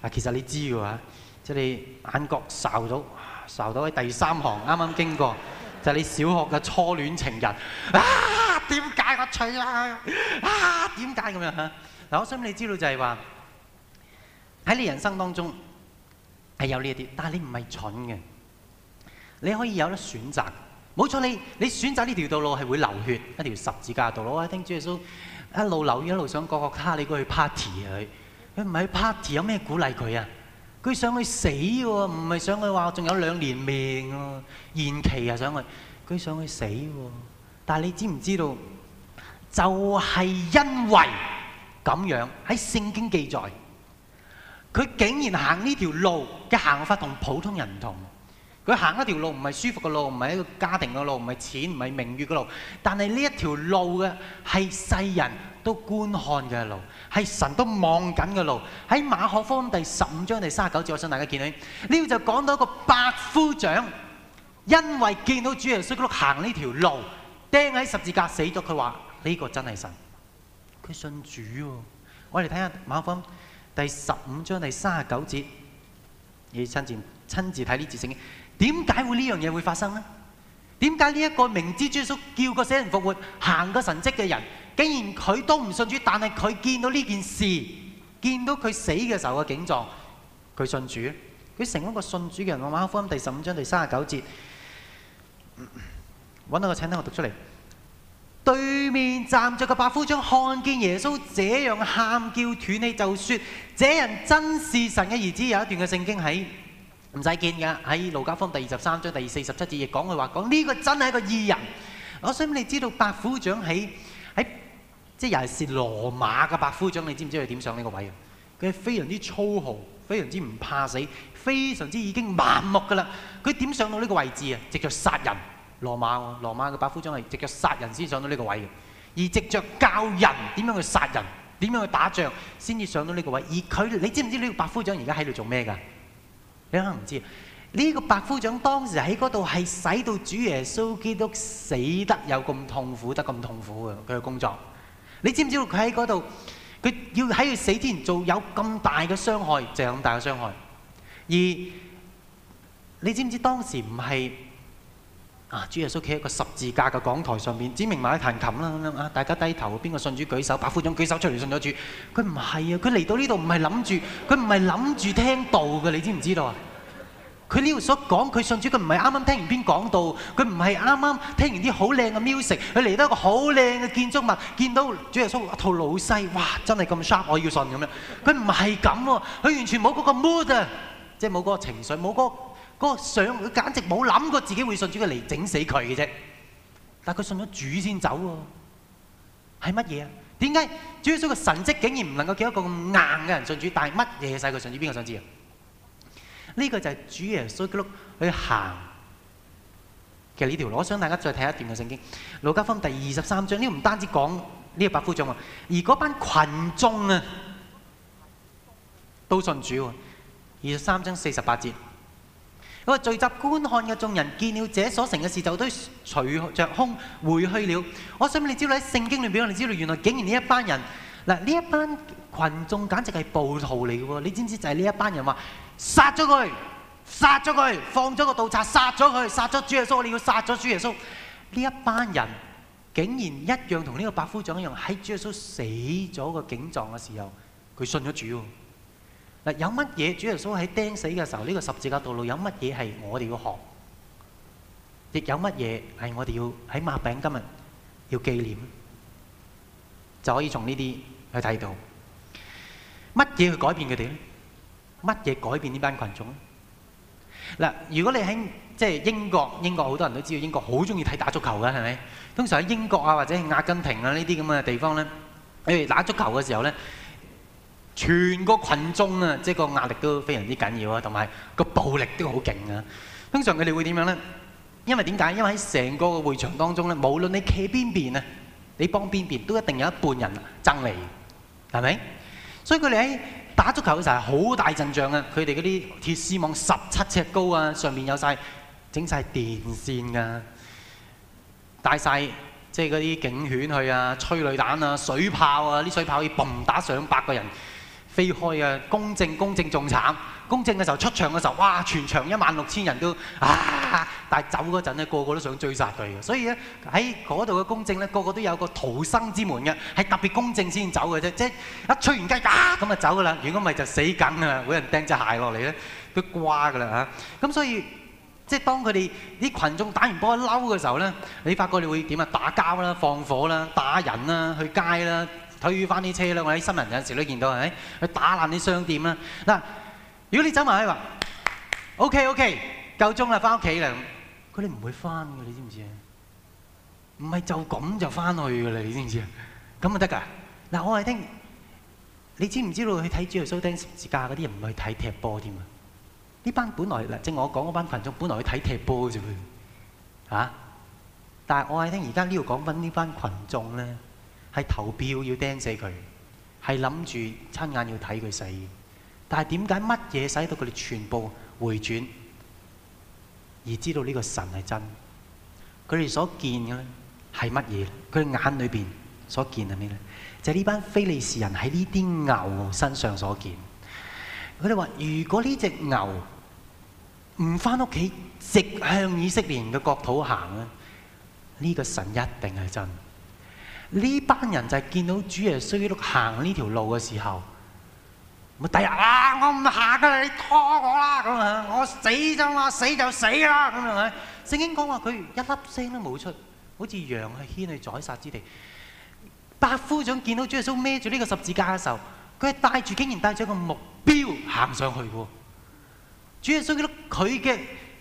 啊，其實你知㗎喎，即、就、係、是、你眼角受到，受到喺第三行啱啱經過，就係、是、你小學嘅初戀情人啊！點解我娶啊？啊！點解咁樣嚇？嗱、啊，我想你知道就係話喺你人生當中係有呢一啲，但係你唔係蠢嘅。你可以有得選擇，冇錯。你你選擇呢條道路係會流血，一條十字架道路。我聽住主一路流血，一路想過個卡，你過去 party 佢，佢唔係去 party 有咩鼓勵佢啊？佢想去死喎、啊，唔係想去話仲有兩年命喎、啊，延期啊想去，佢想去死喎、啊。但係你知唔知道？就係、是、因為咁樣喺聖經記載，佢竟然行呢條路嘅行法同普通人唔同。佢行一條路唔係舒服嘅路，唔係一個家庭嘅路，唔係錢，唔係名譽嘅路。但係呢一條路嘅係世人都觀看嘅路，係神都望緊嘅路。喺馬可福音第十五章第卅九節，我想大家看見到呢度就講到一個百夫長，因為見到主人耶穌行呢條路，釘喺十字架死咗，佢話呢個真係神，佢信主喎、哦。我哋睇下馬可福音第十五章第卅九節，你親自親自睇呢節聖經。點解會呢樣嘢會發生呢？點解呢一個明知主耶穌叫個死人復活、行個神跡嘅人，竟然佢都唔信主？但係佢見到呢件事，見到佢死嘅時候嘅景狀，佢信主。佢成了一個信主嘅人。我馬可福音第十五章第三十九節，揾到個請聽我讀出嚟。對面站着個百夫長，看見耶穌這樣喊叫斷氣，就說：這人真是神嘅兒子。有一段嘅聖經喺。唔使見噶，喺路加福音第二十三章第四十七節亦講佢話：講呢個真係一個異人。我想你知道百夫長喺喺即係尤其是羅馬嘅百夫長，你知唔知佢點上呢個位嘅？佢係非常之粗豪，非常之唔怕死，非常之已經麻木㗎啦。佢點上到呢個位置啊？直著殺人，羅馬，羅馬嘅百夫長係直著殺人先上到呢個位嘅。而直著教人點樣去殺人，點樣去打仗先至上到呢個位。而佢，你知唔知呢個百夫長而家喺度做咩㗎？你可能唔知呢個百夫長當時喺嗰度係使到主耶穌基督死得有咁痛苦得咁痛苦嘅，佢嘅工作。你知唔知道佢喺嗰度？佢要喺佢死之前做有咁大嘅傷害，就係咁大嘅傷害。而你知唔知當時唔係？啊！主耶穌企喺個十字架嘅講台上面，子明埋喺彈琴啦咁樣啊！大家低頭，邊個信主舉手？白副總舉手出嚟信咗主。佢唔係啊！佢嚟到呢度唔係諗住，佢唔係諗住聽道嘅，你知唔知道啊？佢呢度所講，佢信主，佢唔係啱啱聽完邊講道，佢唔係啱啱聽完啲好靚嘅 music，佢嚟到一個好靚嘅建築物，見到主耶穌一套老西，哇！真係咁 sharp，我要信咁樣。佢唔係咁喎，佢完全冇嗰個 mood 啊，即係冇嗰個情緒，冇嗰。嗰個上佢簡直冇諗過自己會信主嘅，嚟整死佢嘅啫，但係佢信咗主先走喎。係乜嘢啊？點解主所嘅神跡竟然唔能夠叫一個咁硬嘅人信主？但係乜嘢使佢信主？邊個想知啊？呢個就係主耶穌一路去行。其實呢條路，我想大家再睇一段嘅聖經《路加福音》第二十三章。呢唔單止講呢個百夫長喎，而嗰班羣眾啊都信主喎。二十三章四十八節。嗰聚集觀看嘅眾人見了這所成嘅事，就都隨着胸回去了。我想問你知道喺聖經裏邊，我哋知道原來竟然呢一班人嗱，呢一班群，群眾簡直係暴徒嚟嘅喎。你知唔知就係呢一班人話殺咗佢，殺咗佢，放咗個盜賊，殺咗佢，殺咗主耶穌，你要殺咗主耶穌。呢一班人竟然一樣同呢個百夫長一樣，喺主耶穌死咗個景狀嘅時候，佢信咗主。嗱，有乜嘢？主耶穌喺釘死嘅時候，呢個十字架道路有乜嘢係我哋要學？亦有乜嘢係我哋要喺擘餅今日要記念？就可以從呢啲去睇到乜嘢去改變佢哋咧？乜嘢改變呢班羣眾咧？嗱，如果你喺即係英國，英國好多人都知道英國好中意睇打足球㗎，係咪？通常喺英國啊或者係阿根廷啊呢啲咁嘅地方咧，譬如打足球嘅時候咧。全個羣眾啊，即係個壓力都非常之緊要啊，同埋個暴力都好勁啊。通常佢哋會點樣咧？因為點解？因為喺成個會場當中咧，無論你企邊邊啊，你幫邊邊都一定有一半人爭你，係咪？所以佢哋喺打足球嘅時候係好大陣仗啊。佢哋嗰啲鐵絲網十七尺高啊，上邊有曬整曬電線㗎，帶曬即係嗰啲警犬去啊，催淚彈啊，水炮啊，啲水炮可以嘭打上百個人。飛開啊！公正公正仲慘，公正嘅時候出場嘅時候，哇！全場一萬六千人都啊！但係走嗰陣咧，個個都想追殺佢嘅，所以咧喺嗰度嘅公正咧，個個都有個逃生之門嘅，係特別公正先走嘅啫，即係一吹完雞，啊咁就走噶啦！如果唔係就死緊啦，會有人掟隻鞋落嚟咧，都掛噶啦嚇。咁所以即係當佢哋啲羣眾打完波一嬲嘅時候咧，你發覺你會點啊？打交啦，放火啦，打人啦，去街啦。推翻啲車啦！我喺新聞有時都見到係咪？去打爛啲商店啦！嗱，如果你走埋去話，OK OK，夠鐘啦，翻屋企啦咁，佢哋唔會翻㗎，你知唔知啊？唔係就咁就翻去㗎啦，你知唔知啊？咁啊得㗎！嗱，我係聽你知唔知道去睇主耶穌釘十字架嗰啲人唔係去睇踢波添啊？呢班本來嗱，正我講嗰班羣眾本來去睇踢波啫喎，嚇！但係我係聽而家呢度講緊呢班羣眾咧。係投票要釘死佢，係諗住親眼要睇佢死。但係點解乜嘢使到佢哋全部回轉，而知道呢個神係真？佢哋所見嘅咧係乜嘢？佢哋眼裏邊所見係咩咧？就係呢班非利士人喺呢啲牛身上所見。佢哋話：如果呢隻牛唔返屋企，直向以色列人嘅國土行咧，呢個神一定係真。呢班人就係見到主耶穌行呢條路嘅時候，咪第日啊，我唔行噶啦，你拖我啦咁樣，我死就嘛死就死啦咁樣！聖經講話佢一粒聲都冇出，好似羊係牽去宰殺之地。百夫長見到主耶穌孭住呢個十字架嘅時候，佢係帶住竟然帶咗個目標行上去嘅喎。主耶穌佢佢嘅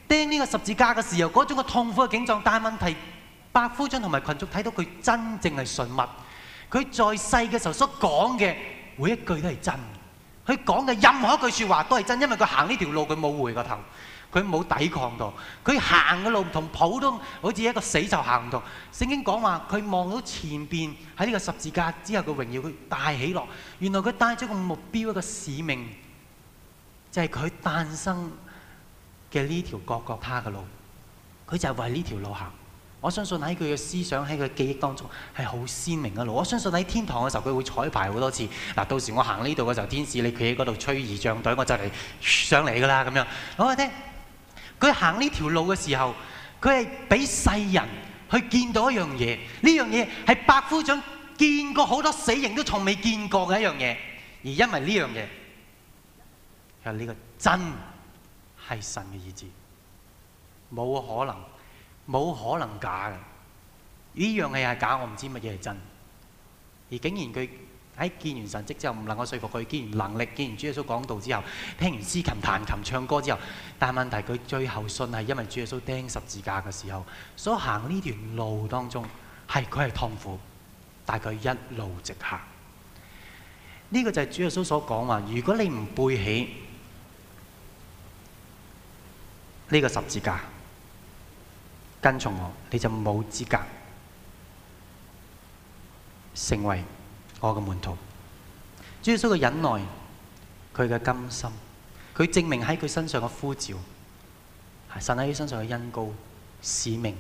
釘呢個十字架嘅時候，嗰種嘅痛苦嘅景象，但問題。白夫長同埋群眾睇到佢真正係信物，佢在世嘅時候所講嘅每一句都係真，佢講嘅任何一句說話都係真，因為佢行呢條路佢冇回過頭，佢冇抵抗到，佢行嘅路唔同普通好似一個死就行同。聖經講話佢望到前邊喺呢個十字架之後嘅榮耀，佢大喜樂。原來佢帶咗個目標，一個使命，就係佢誕生嘅呢條各各他嘅路，佢就係為呢條路行。我相信喺佢嘅思想，喺佢嘅記憶當中係好鮮明嘅路。我相信喺天堂嘅時候，佢會彩排好多次。嗱，到時我行呢度嘅時候，天使你企喺嗰度吹儀仗隊，我就嚟上嚟噶啦咁樣。我話聽，佢行呢條路嘅時候，佢係俾世人去見到一樣嘢。呢樣嘢係百夫長見過好多死刑都從未見過嘅一樣嘢。而因為呢樣嘢，就呢個真係神嘅意志，冇可能。冇可能假嘅，呢樣嘢係假，我唔知乜嘢係真。而竟然佢喺見完神跡之後，唔能夠說服佢，見完能力見完主耶穌講道之後，聽完司琴彈琴唱歌之後，但問題佢最後信係因為主耶穌釘十字架嘅時候。所行呢段路當中，係佢係痛苦，但佢一路直行。呢個就係主耶穌所講話，如果你唔背起呢個十字架。跟從我，你就冇資格成為我嘅門徒。主耶穌嘅忍耐，佢嘅甘心，佢證明喺佢身上嘅呼召，神喺佢身上嘅恩膏、使命，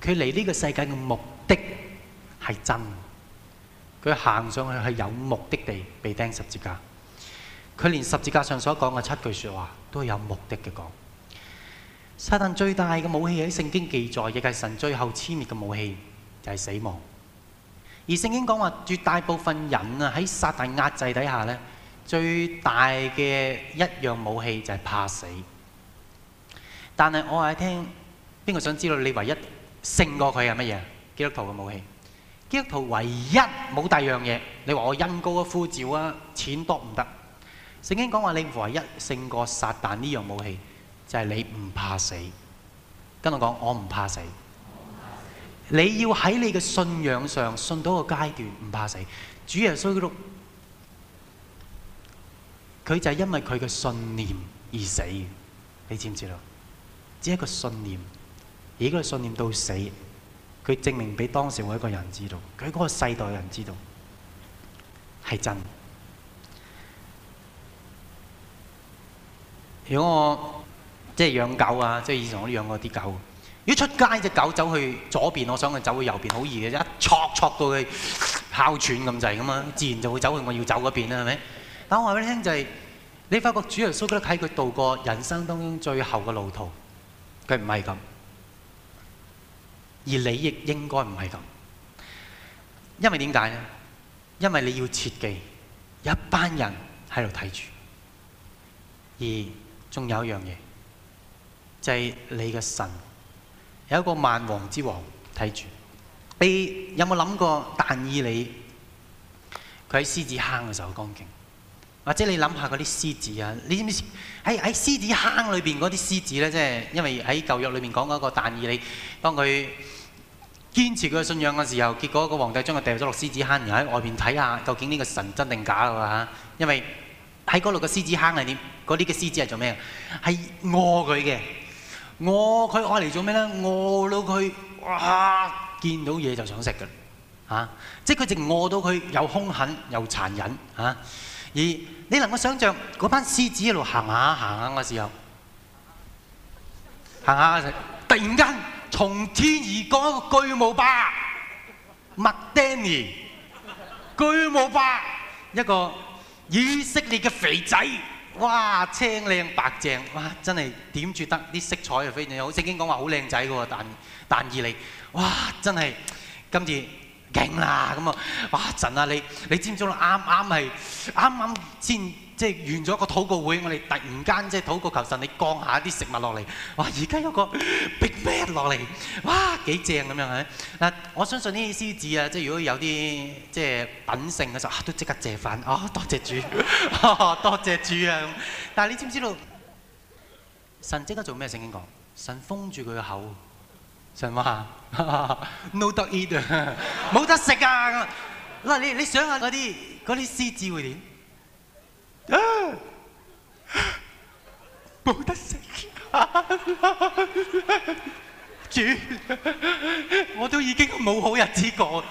佢嚟呢個世界嘅目的係真的。佢行上去係有目的地被釘十字架，佢連十字架上所講嘅七句説話都係有目的嘅講。撒旦最大嘅武器喺聖經記載，亦係神最後殲滅嘅武器，就係、是、死亡。而聖經講話絕大部分人啊喺撒旦壓制底下咧，最大嘅一樣武器就係怕死。但係我係聽邊個想知道你唯一勝過佢係乜嘢？基督徒嘅武器，基督徒唯一冇第二樣嘢。你話我恩高啊、呼召啊、錢多唔得？聖經講話你唯一勝過撒旦呢樣武器。就係你唔怕死，跟我講我唔怕死。你要喺你嘅信仰上信到一個階段唔怕死。主耶穌佢就係因為佢嘅信念而死嘅，你知唔知道？只係一個信念，而呢個信念到死，佢證明俾當時我一個人知道，佢嗰個世代人知道係真。如果我即係養狗啊！即係以前我都養過啲狗。如果出街隻狗走去左邊，我想佢走去右邊，好易嘅啫。一戳戳到佢哮喘咁滯咁嘛，自然就會走去我要走嗰邊啦，係咪？但我話俾你聽就係，你發覺主耶穌基督佢度過人生當中最後嘅路途，佢唔係咁，而你亦應該唔係咁，因為點解呢？因為你要切記一班人喺度睇住，而仲有一樣嘢。就係，你嘅神有一個萬王之王睇住。你有冇諗過但以理，佢喺獅子坑嘅時候光景，或者你諗下嗰啲獅子啊？你知唔知喺喺獅子坑裏邊嗰啲獅子咧？即係因為喺舊約裏面講嗰個但以理，當佢堅持佢嘅信仰嘅時候，結果個皇帝將佢掉咗落獅子坑，而喺外邊睇下究竟呢個神真定假啊？嚇，因為喺嗰度個獅子坑係點？嗰啲嘅獅子係做咩？係餓佢嘅。餓佢餓嚟做咩咧？餓到佢哇，見到嘢就想食㗎啦，嚇、啊！即係佢直餓到佢又兇狠又殘忍、啊、而你能夠想象嗰班獅子一路行下行下嘅時候，行下 突然間從天而降一個巨無霸，麥丹尼，巨無霸一個以色列嘅肥仔。哇，青靚白淨，哇，真係點住得啲色彩又非常好。曾經講話好靚仔嘅喎，但但二你，哇，真係今次勁啦咁啊！哇，神啊，你你知唔知啊？啱啱係啱啱先。剛剛即係完咗個禱告會，我哋突然間即係禱告求神，你降下啲食物落嚟。哇！而家有個 Big Mac 落嚟，哇，幾正咁樣啊？嗱、啊，我相信呢啲獅子啊，即係如果有啲即係品性嘅時候，啊、都即刻謝飯。哦、啊，多謝主，啊、多謝主，啊，多謝主啊！但係你知唔知道？神即刻做咩聖經講？神封住佢個口。神話，No eat，e r 冇得食啊。嗱、no 啊啊啊，你你想下啲嗰啲獅子會點？冇、啊、得食、啊啊啊啊，我都已經冇好日子過，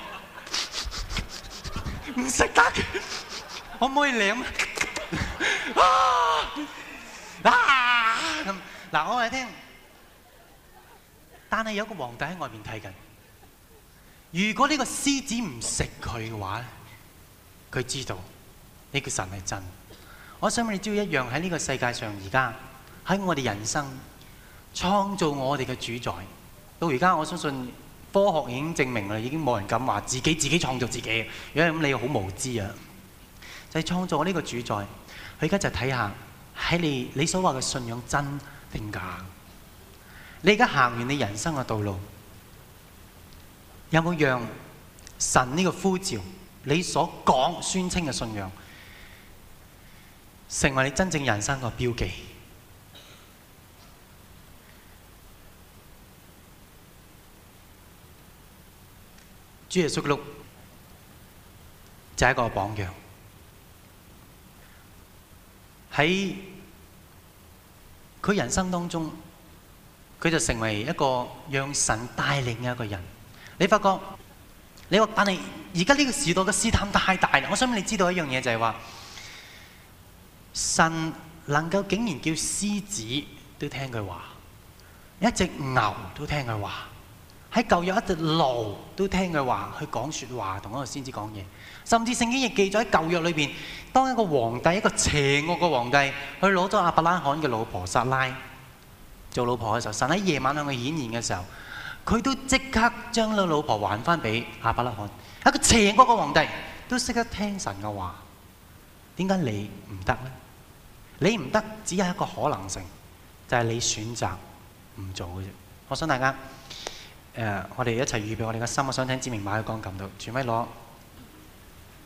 唔食得，可唔可以領嗱、啊啊啊啊啊，我話你聽，但係有個皇帝喺外面睇緊。如果呢個獅子唔食佢嘅話咧，佢知道呢、呢個神係真。我想問你只要一樣喺呢個世界上而家喺我哋人生創造我哋嘅主宰。到而家我相信科學已經證明啦，已經冇人敢話自己自己創造自己，因為咁你好無知啊！就係、是、創造我呢個主宰，佢而家就睇下喺你你所話嘅信仰真定假的。你而家行完你人生嘅道路，有冇讓神呢個呼召你所講宣稱嘅信仰？成為你真正人生個標記，主耶穌嘅路就係一個榜樣。喺佢人生當中，佢就成為一個讓神帶領嘅一個人。你發覺，你話，但係而家呢個時代嘅試探太大啦。我想俾你知道一樣嘢就係話。神能夠竟然叫獅子都聽佢話，一隻牛都聽佢話，喺舊約一隻驢都聽佢話，去講說話同嗰個先知講嘢。甚至聖經亦記載喺舊約裏邊，當一個皇帝一個邪惡嘅皇帝，去攞咗亞伯拉罕嘅老婆撒拉做老婆嘅時候，神喺夜晚向佢顯現嘅時候，佢都即刻將個老婆還翻俾亞伯拉罕。一個邪惡嘅皇帝都識得聽神嘅話，點解你唔得呢？你唔得，只有一個可能性，就係、是、你選擇唔做嘅啫。我想大家，uh, 我哋一齊預備我哋嘅心。我想聽志明馬去講緊度，準備攞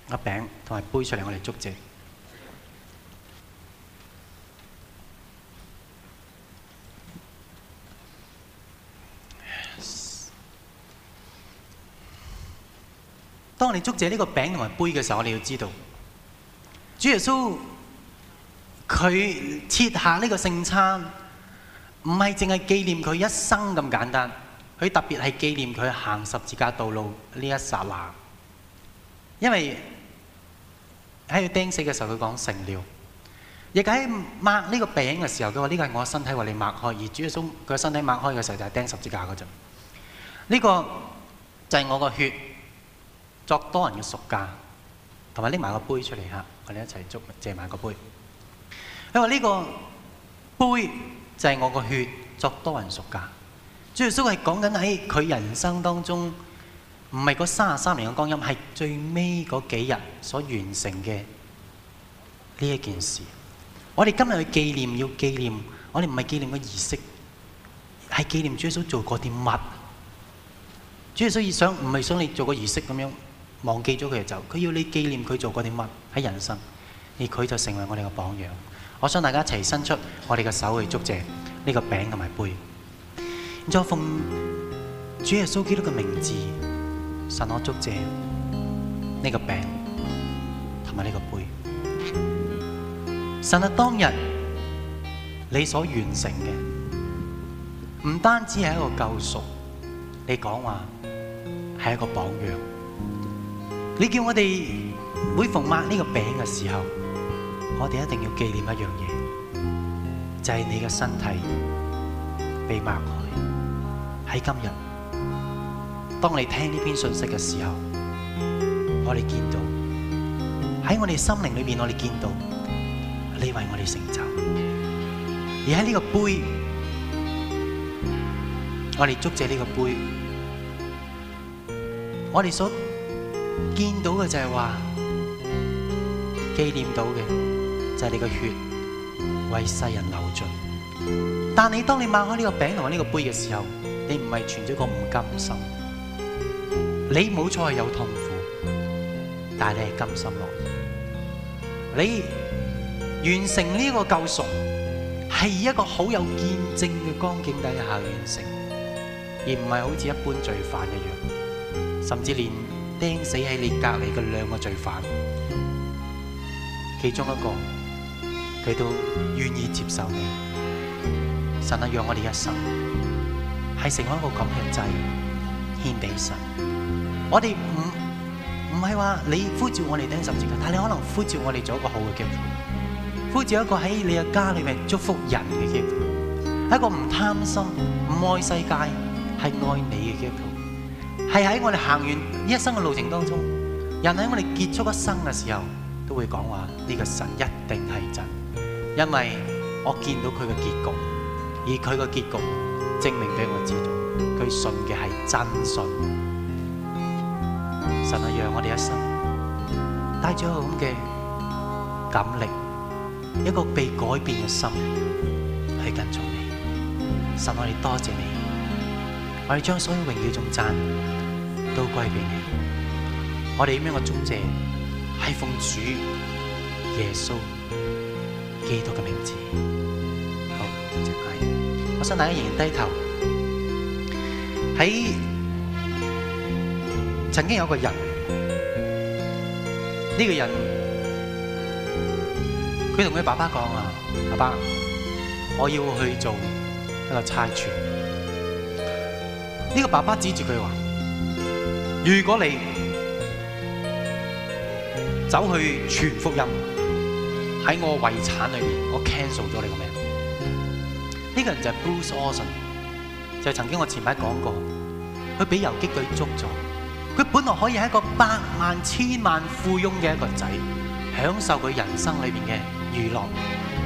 個餅同埋杯出嚟，我哋祝謝。Yes. 當我哋祝謝呢個餅同埋杯嘅時候，我哋要知道，主耶穌。佢設下呢個聖餐，唔係淨係紀念佢一生咁簡單，佢特別係紀念佢行十字架道路呢一剎那。因為喺佢釘死嘅時候，佢講成了；亦喺擘呢個餅嘅時候，佢話：呢個係我身體為你擘開，而主要佢嘅身體擘開嘅時候，就係、是、釘十字架嗰陣。呢、這個就係我個血作多人嘅贖價，同埋拎埋個杯出嚟嚇，我哋一齊捉，借埋個杯。因為呢個杯就係我個血作多人熟㗎。主耶穌係講緊喺佢人生當中，唔係嗰三十三年嘅光陰，係最尾嗰幾日所完成嘅呢一件事。我哋今日去紀念，要紀念，我哋唔係紀念個儀式，係紀念主耶穌做過啲乜。主耶穌想唔係想你做個儀式咁樣忘記咗佢就走，佢要你紀念佢做過啲乜喺人生，而佢就成為我哋嘅榜樣。我想大家一齊伸出我哋嘅手去祝謝呢個餅同埋杯，然後奉主耶穌基督嘅名字，神，我祝謝呢個餅同埋呢個杯。神喺、啊、當日你所完成嘅，唔單止係一個救贖，你講話係一個榜樣。你叫我哋每逢擘呢個餅嘅時候。我哋一定要紀念一樣嘢，就係、是、你嘅身體被抹去喺今日。當你聽呢篇信息嘅時候，我哋見到喺我哋心靈裏邊，我哋見到你為我哋成就。而喺呢個杯，我哋祝謝呢個杯，我哋所見到嘅就係話紀念到嘅。就係、是、你個血為世人流盡，但你當你擘開呢個餅同埋呢個杯嘅時候，你唔係存咗個唔甘心，你冇錯係有痛苦，但係你係甘心樂意，你完成呢個救贖係以一個好有見證嘅光景底下完成，而唔係好似一般罪犯一樣，甚至連釘死喺你隔籬嘅兩個罪犯，其中一個。佢都願意接受你，神啊，讓我哋一生係成為一個感恩嘅祭，獻俾神。我哋唔唔係話你呼召我哋聽十字架，但係你可能呼召我哋做一個好嘅基督徒，呼召一個喺你嘅家裏面祝福人嘅基督徒，一個唔貪心、唔愛世界、係愛你嘅基督徒，係喺我哋行完一生嘅路程當中，人喺我哋結束一生嘅時候，都會講話呢個神一定係真的。因為我見到佢嘅結局，而佢嘅結局證明俾我知道，佢信嘅係真信。神啊，讓我哋一生帶住一個咁嘅感力，一個被改變嘅心去跟從你。神，我哋多謝，謝你，我哋將所有嘅榮耀頌讚都歸俾你。我哋呢邊嘅宗謝係奉主耶穌。基督的名字，好，謝拜。我想大家仍然低頭。喺曾經有個人，呢、這個人佢同佢爸爸講啊，爸爸，我要去做一個差傳。呢、這個爸爸指住佢話，如果你走去全福音。喺我遺產裏邊，我 cancel 咗你個名。呢、呢個人就係 Bruce Olson，就曾經我前排講過，佢俾遊擊隊捉咗。佢本來可以係一個百萬、千萬富翁嘅一個仔，享受佢人生裏邊嘅娛樂，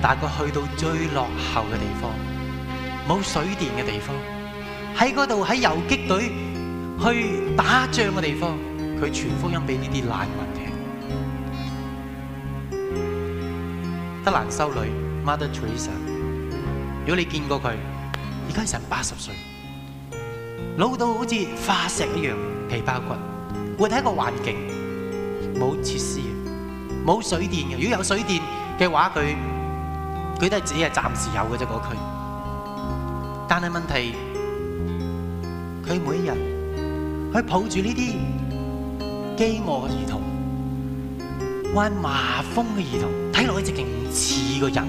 但係佢去到最落後嘅地方，冇水電嘅地方，喺嗰度喺遊擊隊去打仗嘅地方，佢傳福音俾呢啲難民。德蘭修女 （Mother Teresa），如果你見過佢，而家成八十歲，老到好似化石一樣，皮包骨，活喺一個環境，冇設施，冇水電嘅。如果有水電嘅話，佢佢都係只係暫時有嘅啫嗰區。但係問題，佢每一日去抱住呢啲飢餓嘅兒童。患麻風嘅兒童，睇落去直勁似個人，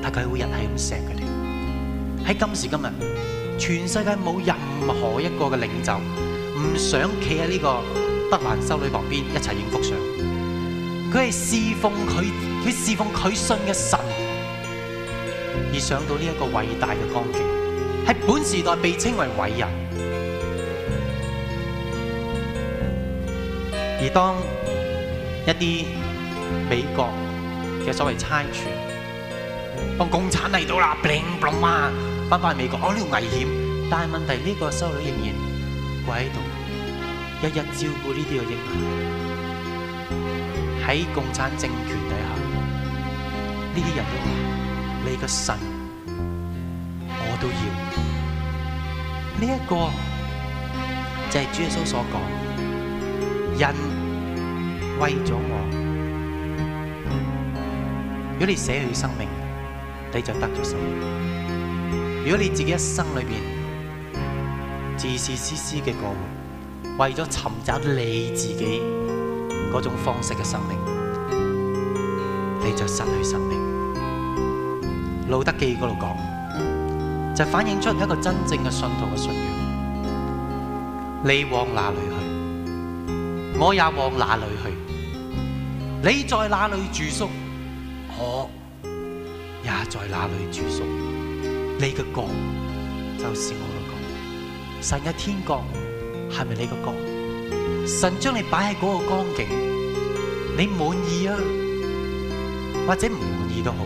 但佢好人係咁錫佢哋。喺今時今日，全世界冇任何一個嘅領袖唔想企喺呢個德蘭修女旁邊一齊影幅相。佢係侍奉佢，佢侍奉佢信嘅神而上到呢一個偉大嘅光景，喺本時代被稱為偉人。而當一啲美國嘅所謂差傳，當共產嚟到啦，bling bling 翻返去美國，哦，呢個危險。但係問題，呢個修女仍然跪喺度，日日照顧呢啲嘅嬰兒。喺共產政權底下，呢啲人就話：你個神，我都要。呢一個就係耶穌所講人。為咗我，如果你捨去生命，你就得咗生命；如果你自己一生裏邊自自私私嘅過活，為咗尋找你自己嗰種方式嘅生命，你就失去生命。《路德記》度講，就是、反映出一個真正嘅信徒嘅信仰：你往哪裏去，我也往哪裏去。你在哪裏住宿，我也在哪裏住宿。你嘅國就是我嘅國，神嘅天國係咪你嘅國？神將你擺喺嗰個光景，你滿意啊，或者唔滿意都好，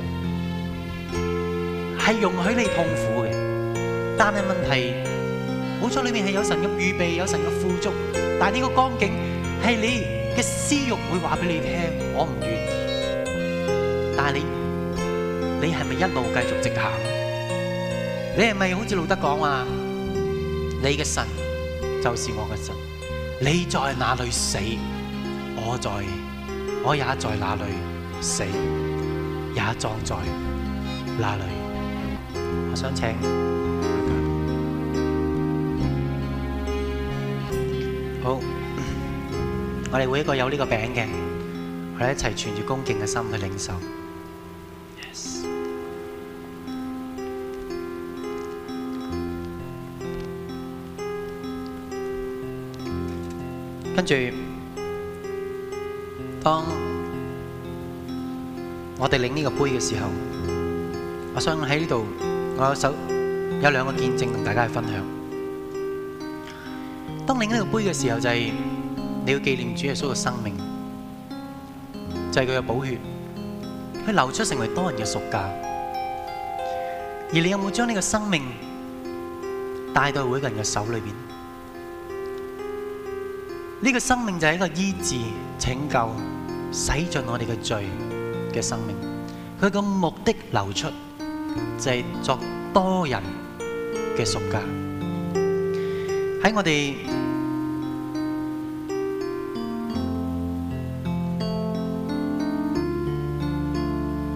係容許你痛苦嘅。但係問題，好彩裏面係有神嘅預備，有神嘅富足。但係呢個光景係你嘅私欲會話俾你聽。我唔願意，但係你，你係咪一路繼續直行？你係咪好似路得講話？你嘅神就是我嘅神，你在哪裏死，我在，我也在哪裏死，也葬在哪裏。我想請大家。好，我哋會一個有呢個餅嘅。佢一齊存住恭敬嘅心去領受。跟住，當我哋領呢個杯嘅時候，我想喺呢度，我有手有兩個見證同大家去分享。當領呢個杯嘅時候，就係你要紀念主耶穌嘅生命。係佢嘅寶血，佢流出成為多人嘅贖價。而你有冇將呢個生命帶到每個人嘅手裏面？呢、這個生命就係一個醫治、拯救、洗淨我哋嘅罪嘅生命。佢個目的流出，就係作多人嘅贖價。喺我哋。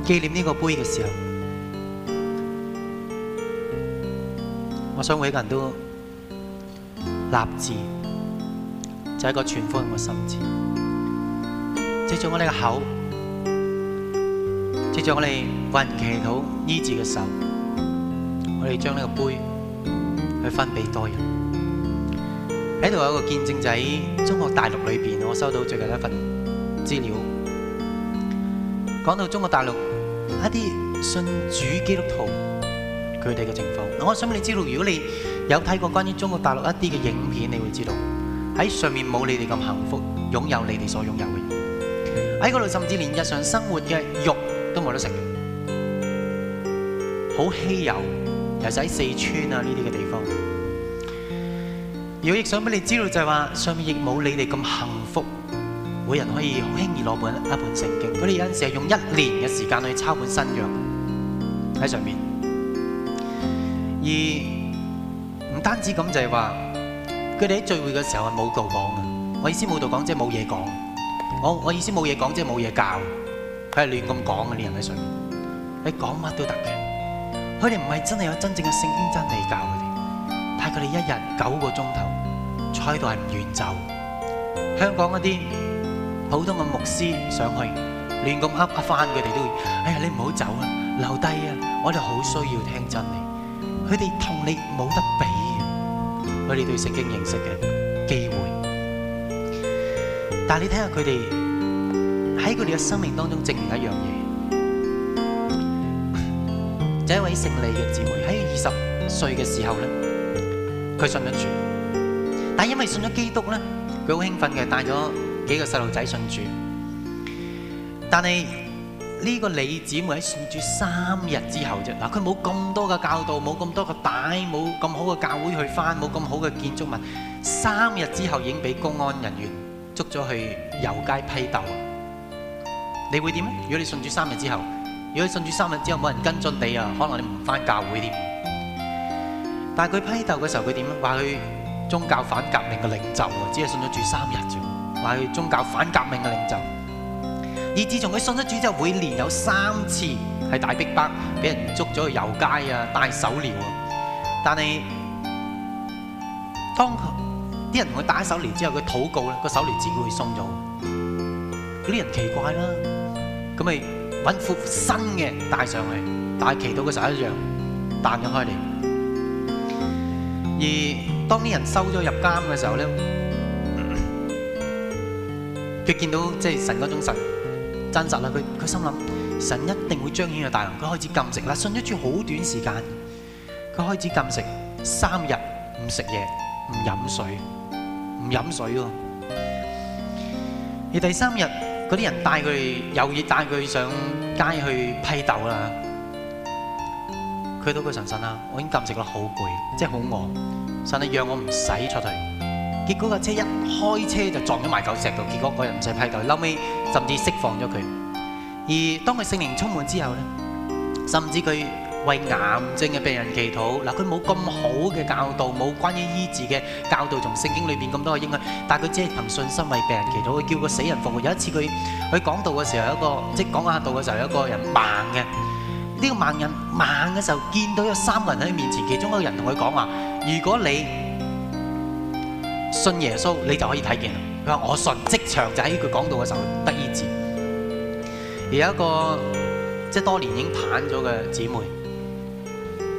紀念呢個杯嘅時候，我想每個人都立志，就係、是、一個全方嘅心志，借助我哋嘅口，借助我哋運祈禱醫治嘅手，我哋將呢個杯去分俾多人。喺度有一個見證仔，就是、中國大陸裏邊，我收到最近一份資料，講到中國大陸。一啲信主基督徒佢哋嘅情況，我想俾你知道，如果你有睇過關於中國大陸一啲嘅影片，你會知道喺上面冇你哋咁幸福，擁有你哋所擁有嘅，喺嗰度甚至連日常生活嘅肉都冇得食嘅，好稀有，尤其喺四川啊呢啲嘅地方。而我亦想俾你知道就係話，上面亦冇你哋咁幸福。有人可以好輕易攞本一本聖經，佢哋有陣時係用一年嘅時間去抄本新約喺上面。而唔單止咁，就係話佢哋喺聚會嘅時候係冇度講嘅。我意思冇度講，即係冇嘢講。我我意思冇嘢講，即係冇嘢教。佢係亂咁講嘅啲人喺上面，你講乜都得嘅。佢哋唔係真係有真正嘅聖經真理教佢哋，但係佢哋一日九個鐘頭坐喺度係唔願走。香港嗰啲。好多嘅牧師上去亂咁噏一翻，佢哋都會哎呀，你唔好走啦，留低啊！我哋好需要聽真理，佢哋同你冇得比啊！佢哋對聖經認識嘅機會，但係你睇下佢哋喺佢哋嘅生命當中證明一樣嘢，就係一位姓李嘅姊妹喺二十歲嘅時候咧，佢信咗主，但係因為信咗基督咧，佢好興奮嘅帶咗，幾個細路仔信主，但係呢個李姊妹信主三日之後啫。嗱，佢冇咁多嘅教導，冇咁多嘅帶，冇咁好嘅教會去翻，冇咁好嘅建築物。三日之後已經俾公安人員捉咗去遊街批鬥。你會點？如果你信主三日之後，如果你信主三日之後冇人跟進你啊，可能你唔翻教會添。但係佢批鬥嘅時候，佢點咧？話佢宗教反革命嘅領袖，只係信咗主三日啫。話佢宗教反革命嘅領袖，而自從佢信咗主之後，每年有三次係大逼迫，俾人捉咗去遊街啊，戴手鐐啊。但係當啲人同佢戴咗手鐐之後，佢禱告咧，個手鐐自會鬆咗。嗰啲人奇怪啦，咁咪揾副新嘅戴上去，但係祈禱嘅時候一樣彈咗開嚟。而當啲人收咗入監嘅時候咧。佢見到即係神嗰種神真實，啦，佢佢心諗神一定會彰顯佢大能，佢開始禁食啦。信咗主好短時間，佢開始禁食三日，唔食嘢，唔飲水，唔飲水喎。而第三日嗰啲人帶佢，有意帶佢上街去批鬥啦。佢到佢神神啦，我已經禁食得好攰，即係好餓，神係讓我唔使出去。結果個車一開車就撞咗埋嚿石度，結果個人唔使批鬥，嬲尾甚至釋放咗佢。而當佢聖靈充滿之後咧，甚至佢為癌症嘅病人祈禱。嗱，佢冇咁好嘅教導，冇關於醫治嘅教導，從聖經裏邊咁多嘅應用，但係佢只係憑信心為病人祈禱。佢叫個死人復活。有一次佢佢講道嘅時候，有一個即係講下道嘅時候，有個人盲嘅。呢個盲人盲嘅時候，見到有三個人喺佢面前，其中一個人同佢講話：如果你信耶穌，你就可以睇見啦。佢話：我信，即場就喺佢講道嘅時候得醫治。而有一個即係多年已經癱咗嘅姊妹，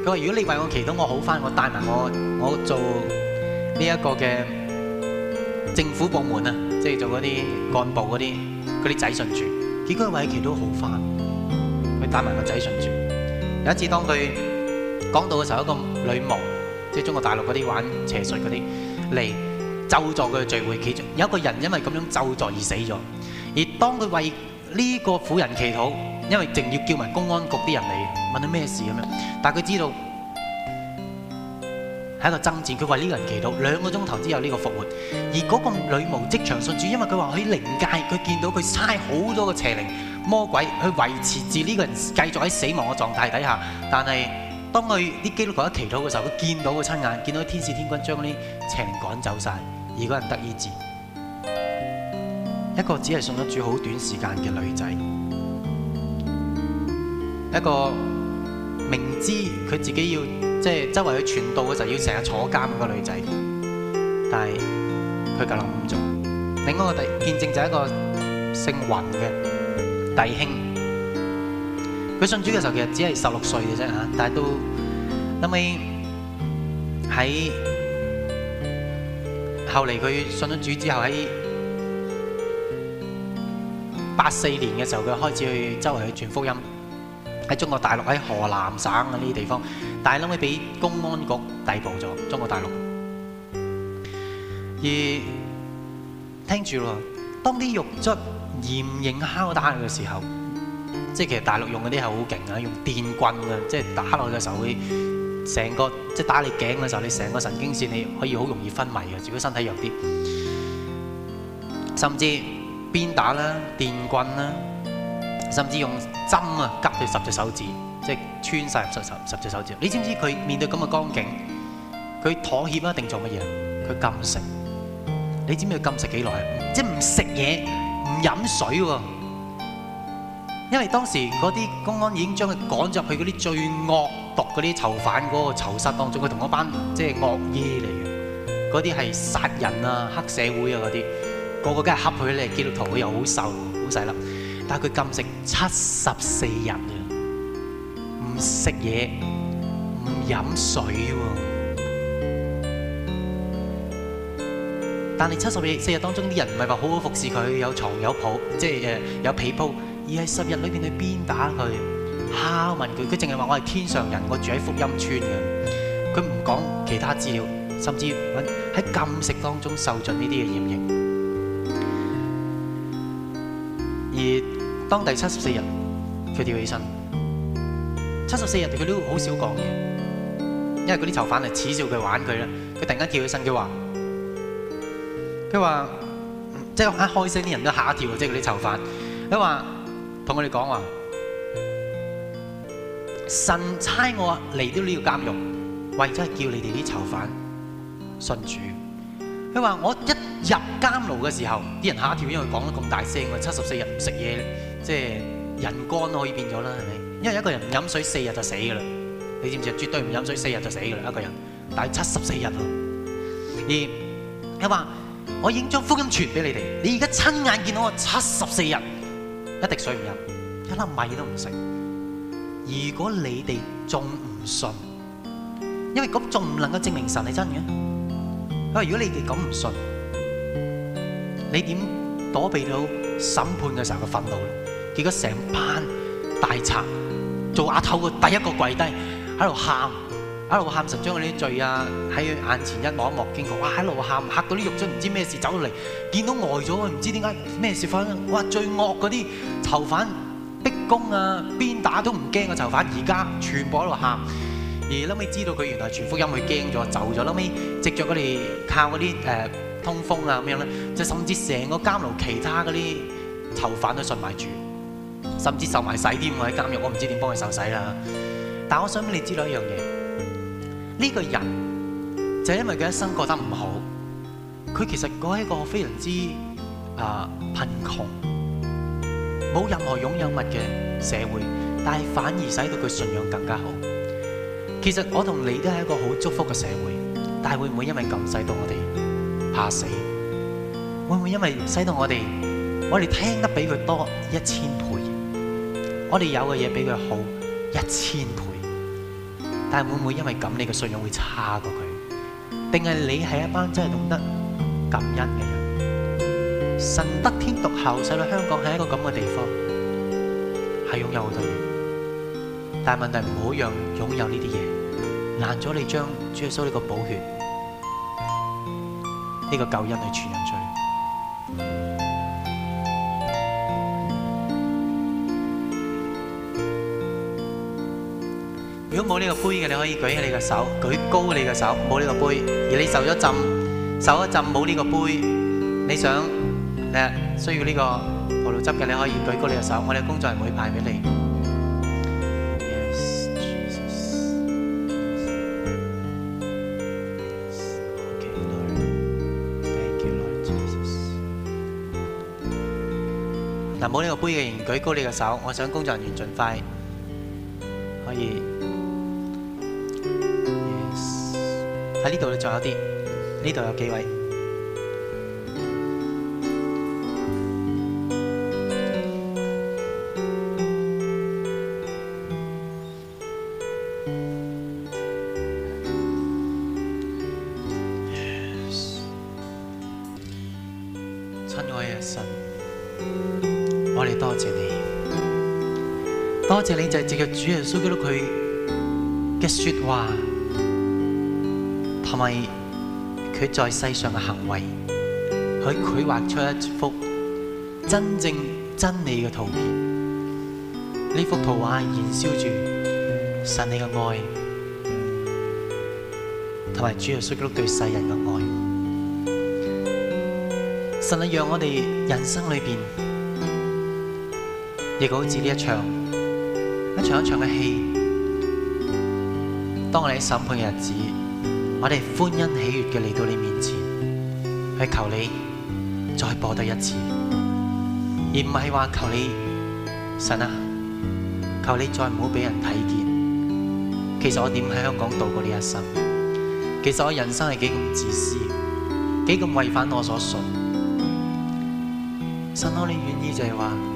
佢話：如果你為我祈禱，我好翻，我帶埋我我做呢一個嘅政府部門啊，即係做嗰啲幹部嗰啲啲仔信住。結果為我祈禱好翻，佢帶埋個仔信住。有一次當佢講道嘅時候，一個女巫，即係中國大陸嗰啲玩邪術嗰啲嚟。咒助佢嘅聚會，其中有一個人因為咁樣咒助而死咗。而當佢為呢個婦人祈禱，因為淨要叫埋公安局啲人嚟問佢咩事咁樣，但係佢知道喺度爭戰，佢為呢個人祈禱兩個鐘頭之後呢個復活，而嗰個女巫即場信主，因為佢話喺靈界佢見到佢差好多個邪靈魔鬼去維持住呢個人繼續喺死亡嘅狀態底下，但係當佢啲基督徒一祈禱嘅時候，佢見到佢親眼見到天使天軍將啲邪靈趕走晒。而嗰人得意志，一個只係信咗主好短時間嘅女仔，一個明知佢自己要即係周圍去傳道嘅時候要成日坐監嘅個女仔，但係佢就諗唔咗。另外一個弟見證就係一個姓雲嘅弟兄，佢信主嘅時候其實只係十六歲嘅啫嚇，但係都諗起喺。後嚟佢信咗主之後，喺八四年嘅時候，佢開始去周圍去傳福音，喺中國大陸喺河南省嘅呢啲地方，但係咧俾公安局逮捕咗。中國大陸，而聽住咯，當啲獄卒嚴刑拷打嘅時候，即係其實大陸用嗰啲係好勁啊，用電棍啊，即係打落隻手去。成個即係打你頸嘅時候，你成個神經線你可以好容易昏迷嘅，如果身體弱啲。甚至鞭打啦、電棍啦，甚至用針啊拮佢十隻手指，即係穿曬十十十隻手指。你知唔知佢面對咁嘅光景，佢妥協啊定做乜嘢？佢禁食。你知唔知佢禁食幾耐？即係唔食嘢、唔飲水喎。因為當時嗰啲公安已經將佢趕入去嗰啲罪惡。讀嗰啲囚犯嗰個囚室當中，佢同一班即係惡耶嚟嘅，嗰啲係殺人啊、黑社會啊嗰啲，個個梗係恰佢咧。基督徒佢又好瘦，好細粒，但係佢禁食七十四日啊，唔食嘢，唔飲水喎。但係七十四日當中啲人唔係話好好服侍佢，有床有鋪，即係誒有被鋪，而係十日裏邊去鞭打佢。敲，啊、問佢，佢淨係話我係天上人，我住喺福音村嘅，佢唔講其他資料，甚至喺禁食當中受盡啲嘅嚴刑。而當第七十四日，佢跳起身。七十四日佢都好少講嘢，因為嗰啲囚犯嚟恥笑佢玩佢啦。佢突然間跳起身，佢話：佢話即係一開聲啲人都嚇一跳，即係嗰啲囚犯。佢話同我哋講話。神差我嚟到呢個監獄，為咗係叫你哋啲囚犯信主。佢話：我一入監牢嘅時候，啲人嚇一跳，因為講得咁大聲，我七十四日唔食嘢，即係人乾都可以變咗啦，係咪？因為一個人唔飲水四日就死㗎啦，你知唔知啊？絕對唔飲水四日就死㗎啦，一個人。但係七十四日，而佢話：我已經將福音傳俾你哋，你而家親眼見到我七十四日一滴水唔飲，一粒米都唔食。如果你哋仲唔信，因為咁仲唔能夠證明神係真嘅？啊，如果你哋咁唔信，你點躲避到審判嘅時候嘅憤怒咧？結果成班大賊做阿頭嘅第一個跪低，喺度喊，喺度喊，神將佢啲罪啊喺佢眼前一幕一幕經過，哇喺度喊，嚇到啲獄卒唔知咩事走嚟，見到呆咗，唔知點解咩事發生。哇，最惡嗰啲囚犯。逼供啊，鞭打都唔驚嘅囚犯，而家全部喺度喊。而後屘知道佢原來傳福音，佢驚咗走咗。後屘藉着佢哋靠嗰啲，誒通風啊咁樣咧，即甚至成個監獄其他嗰啲囚犯都信埋住，甚至受埋洗添。我喺監獄，我唔知點幫佢受洗啦。但係我想俾你知道一樣嘢，呢、這個人就因為佢一生過得唔好，佢其實過一個非常之啊、呃、貧窮。冇任何擁有物嘅社會，但係反而使到佢信仰更加好。其實我同你都係一個好祝福嘅社會，但係會唔會因為咁使到我哋怕死？會唔會因為使到我哋，我哋聽得比佢多一千倍，我哋有嘅嘢比佢好一千倍？但係會唔會因為咁，你嘅信仰會差過佢？定係你係一班真係懂得感恩嘅？神得天獨厚，使到香港係一個咁嘅地方，係擁有嘅。但係問題唔好讓擁有呢啲嘢難咗你將主耶穌呢個寶血呢個救恩去傳人出去。如果冇呢個杯嘅，你可以舉起你嘅手，舉高你嘅手。冇呢個杯，而你受咗浸，受一浸冇呢個杯，你想？需要呢個葡萄汁嘅，你可以舉高你嘅手，我哋工作人員會派俾你。嗱，冇呢個杯嘅人舉高你嘅手，我想工作人員盡快可以喺呢度，仲有啲，呢度有幾位？就係藉着主耶穌基督佢嘅說話，同埋佢在世上嘅行為，佢繪畫出一幅真正真理嘅圖片。呢幅圖畫燃燒住神你嘅愛，同埋主耶穌基督對世人嘅愛。神你讓我哋人生裏面，亦好似呢一場。上一場嘅戲，當你審判嘅日子，我哋歡欣喜悅嘅嚟到你面前，係求你再播得一次，而唔係話求你，神啊，求你再唔好俾人睇見。其實我點喺香港度過呢一生？其實我人生係幾咁自私，幾咁違反我所信。神啊，你願意就係話。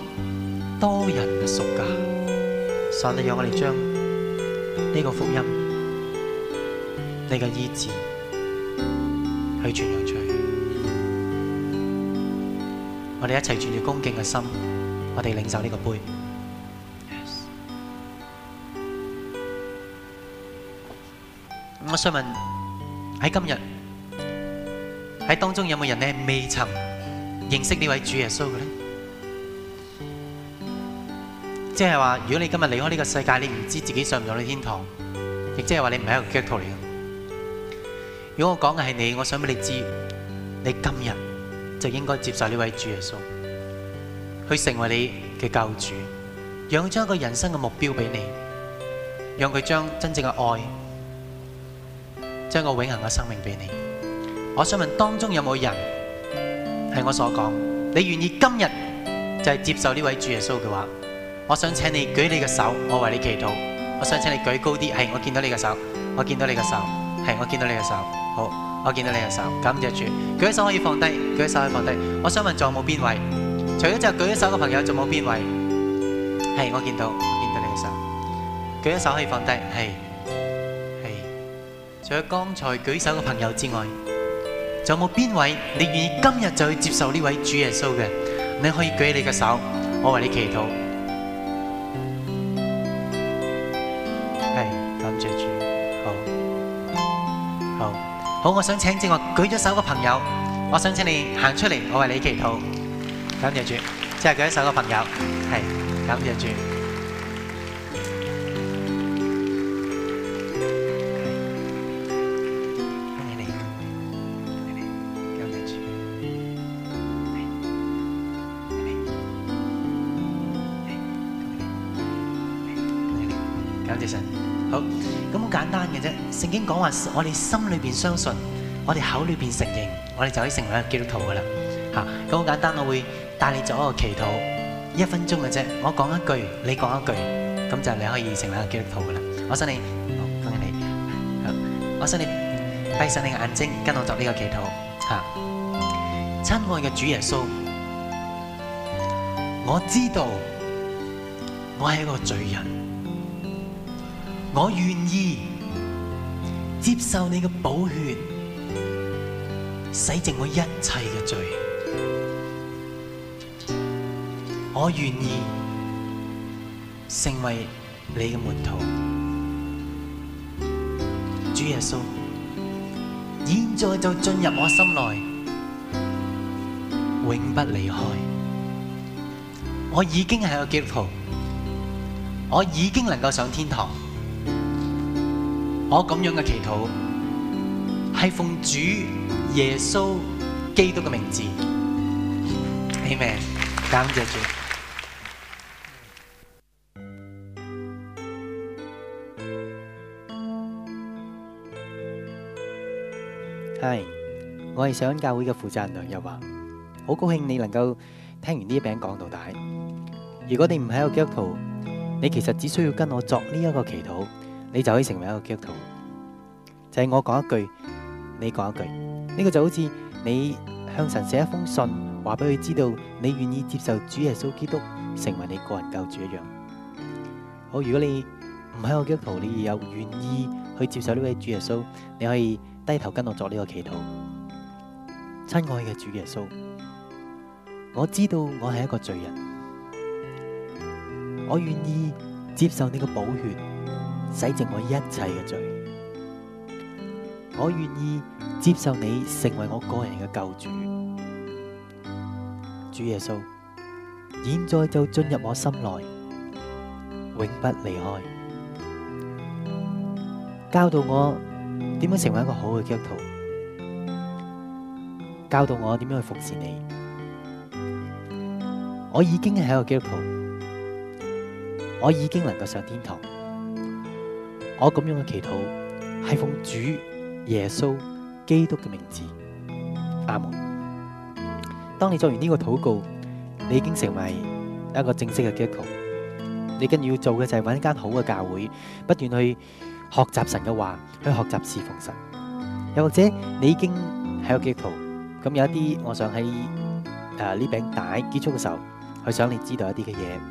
多人嘅贖價，上帝讓我哋將呢個福音、呢個意志去傳揚出去。我哋一齊轉住恭敬嘅心，我哋領受呢個杯。我想問喺今日喺當中有冇人呢未曾認識呢位主耶穌嘅呢？即係話，如果你今日離開呢個世界，你唔知自己上唔上到天堂，亦即係話你唔喺一個基督徒嚟嘅。如果我講嘅係你，我想俾你知，你今日就應該接受呢位主耶穌，去成為你嘅救主，讓佢將一個人生嘅目標俾你，讓佢將真正嘅愛，將個永恆嘅生命俾你。我想問當中有冇人係我所講，你願意今日就係接受呢位主耶穌嘅話？我想請你舉你嘅手，我為你祈禱。我想請你舉高啲，係我見到你嘅手，我見到你嘅手，係我見到你嘅手，好，我見到你嘅手，感謝主。舉手可以放低，舉手可以放低。我想問仲有冇邊位？除咗就舉手嘅朋友，仲有冇邊位？係我見到，我見到你嘅手，舉手可以放低，係係。除咗剛才舉手嘅朋友之外，仲有冇邊位你願意今日就去接受呢位主耶穌嘅？你可以舉你嘅手，我為你祈禱。好，我想請之外舉手嘅朋友，我想請你行出嚟，我為你祈禱，感謝主，即係舉咗手嘅朋友，係感謝主。已經講話，我哋心裏邊相信，我哋口裏邊承認，我哋就可以成為一個基督徒噶啦。吓，咁好簡單，我會帶你做一個祈禱，一分鐘嘅啫。我講一句，你講一句，咁就你可以成為一個基督徒噶啦。我想你，恭喜你。好，我想你閉上你嘅眼睛，跟我做呢個祈禱。吓，親愛嘅主耶穌，我知道我係一個罪人，我願意。接受你嘅寶血，洗淨我一切嘅罪。我願意成為你嘅門徒。主耶穌，現在就進入我心內，永不離開。我已經係個基督徒，我已經能夠上天堂。我咁樣嘅祈禱係奉主耶穌基督嘅名字，阿們，感謝主。係，我係上恩教會嘅負責人梁日華，好高興你能夠聽完呢一篇講道大。如果你唔係一個基督徒，你其實只需要跟我作呢一個祈禱。你就可以成為一個基督徒，就係、是、我講一句，你講一句，呢、這個就好似你向神寫一封信，話俾佢知道你願意接受主耶穌基督成為你個人救主一樣。好，如果你唔係我基督徒，你又願意去接受呢位主耶穌，你可以低頭跟我作呢個祈禱。親愛嘅主耶穌，我知道我係一個罪人，我願意接受你嘅寶血，洗淨我一切嘅罪，我願意接受你成為我個人嘅救主。主耶穌，現在就進入我心內，永不離開。教導我點樣成為一個好嘅基督徒，教導我點樣去服侍你。我已經係一個基督徒，我已經能夠上天堂。我咁樣嘅祈禱係奉主耶穌基督嘅名字，阿門。當你做完呢個禱告，你已經成為一個正式嘅基督徒。你跟住要做嘅就係揾一間好嘅教會，不斷去學習神嘅話，去學習侍奉神。又或者你已經喺個基督徒，咁有一啲，我想喺誒呢餅帶結束嘅時候，去想你知道一啲嘅嘢。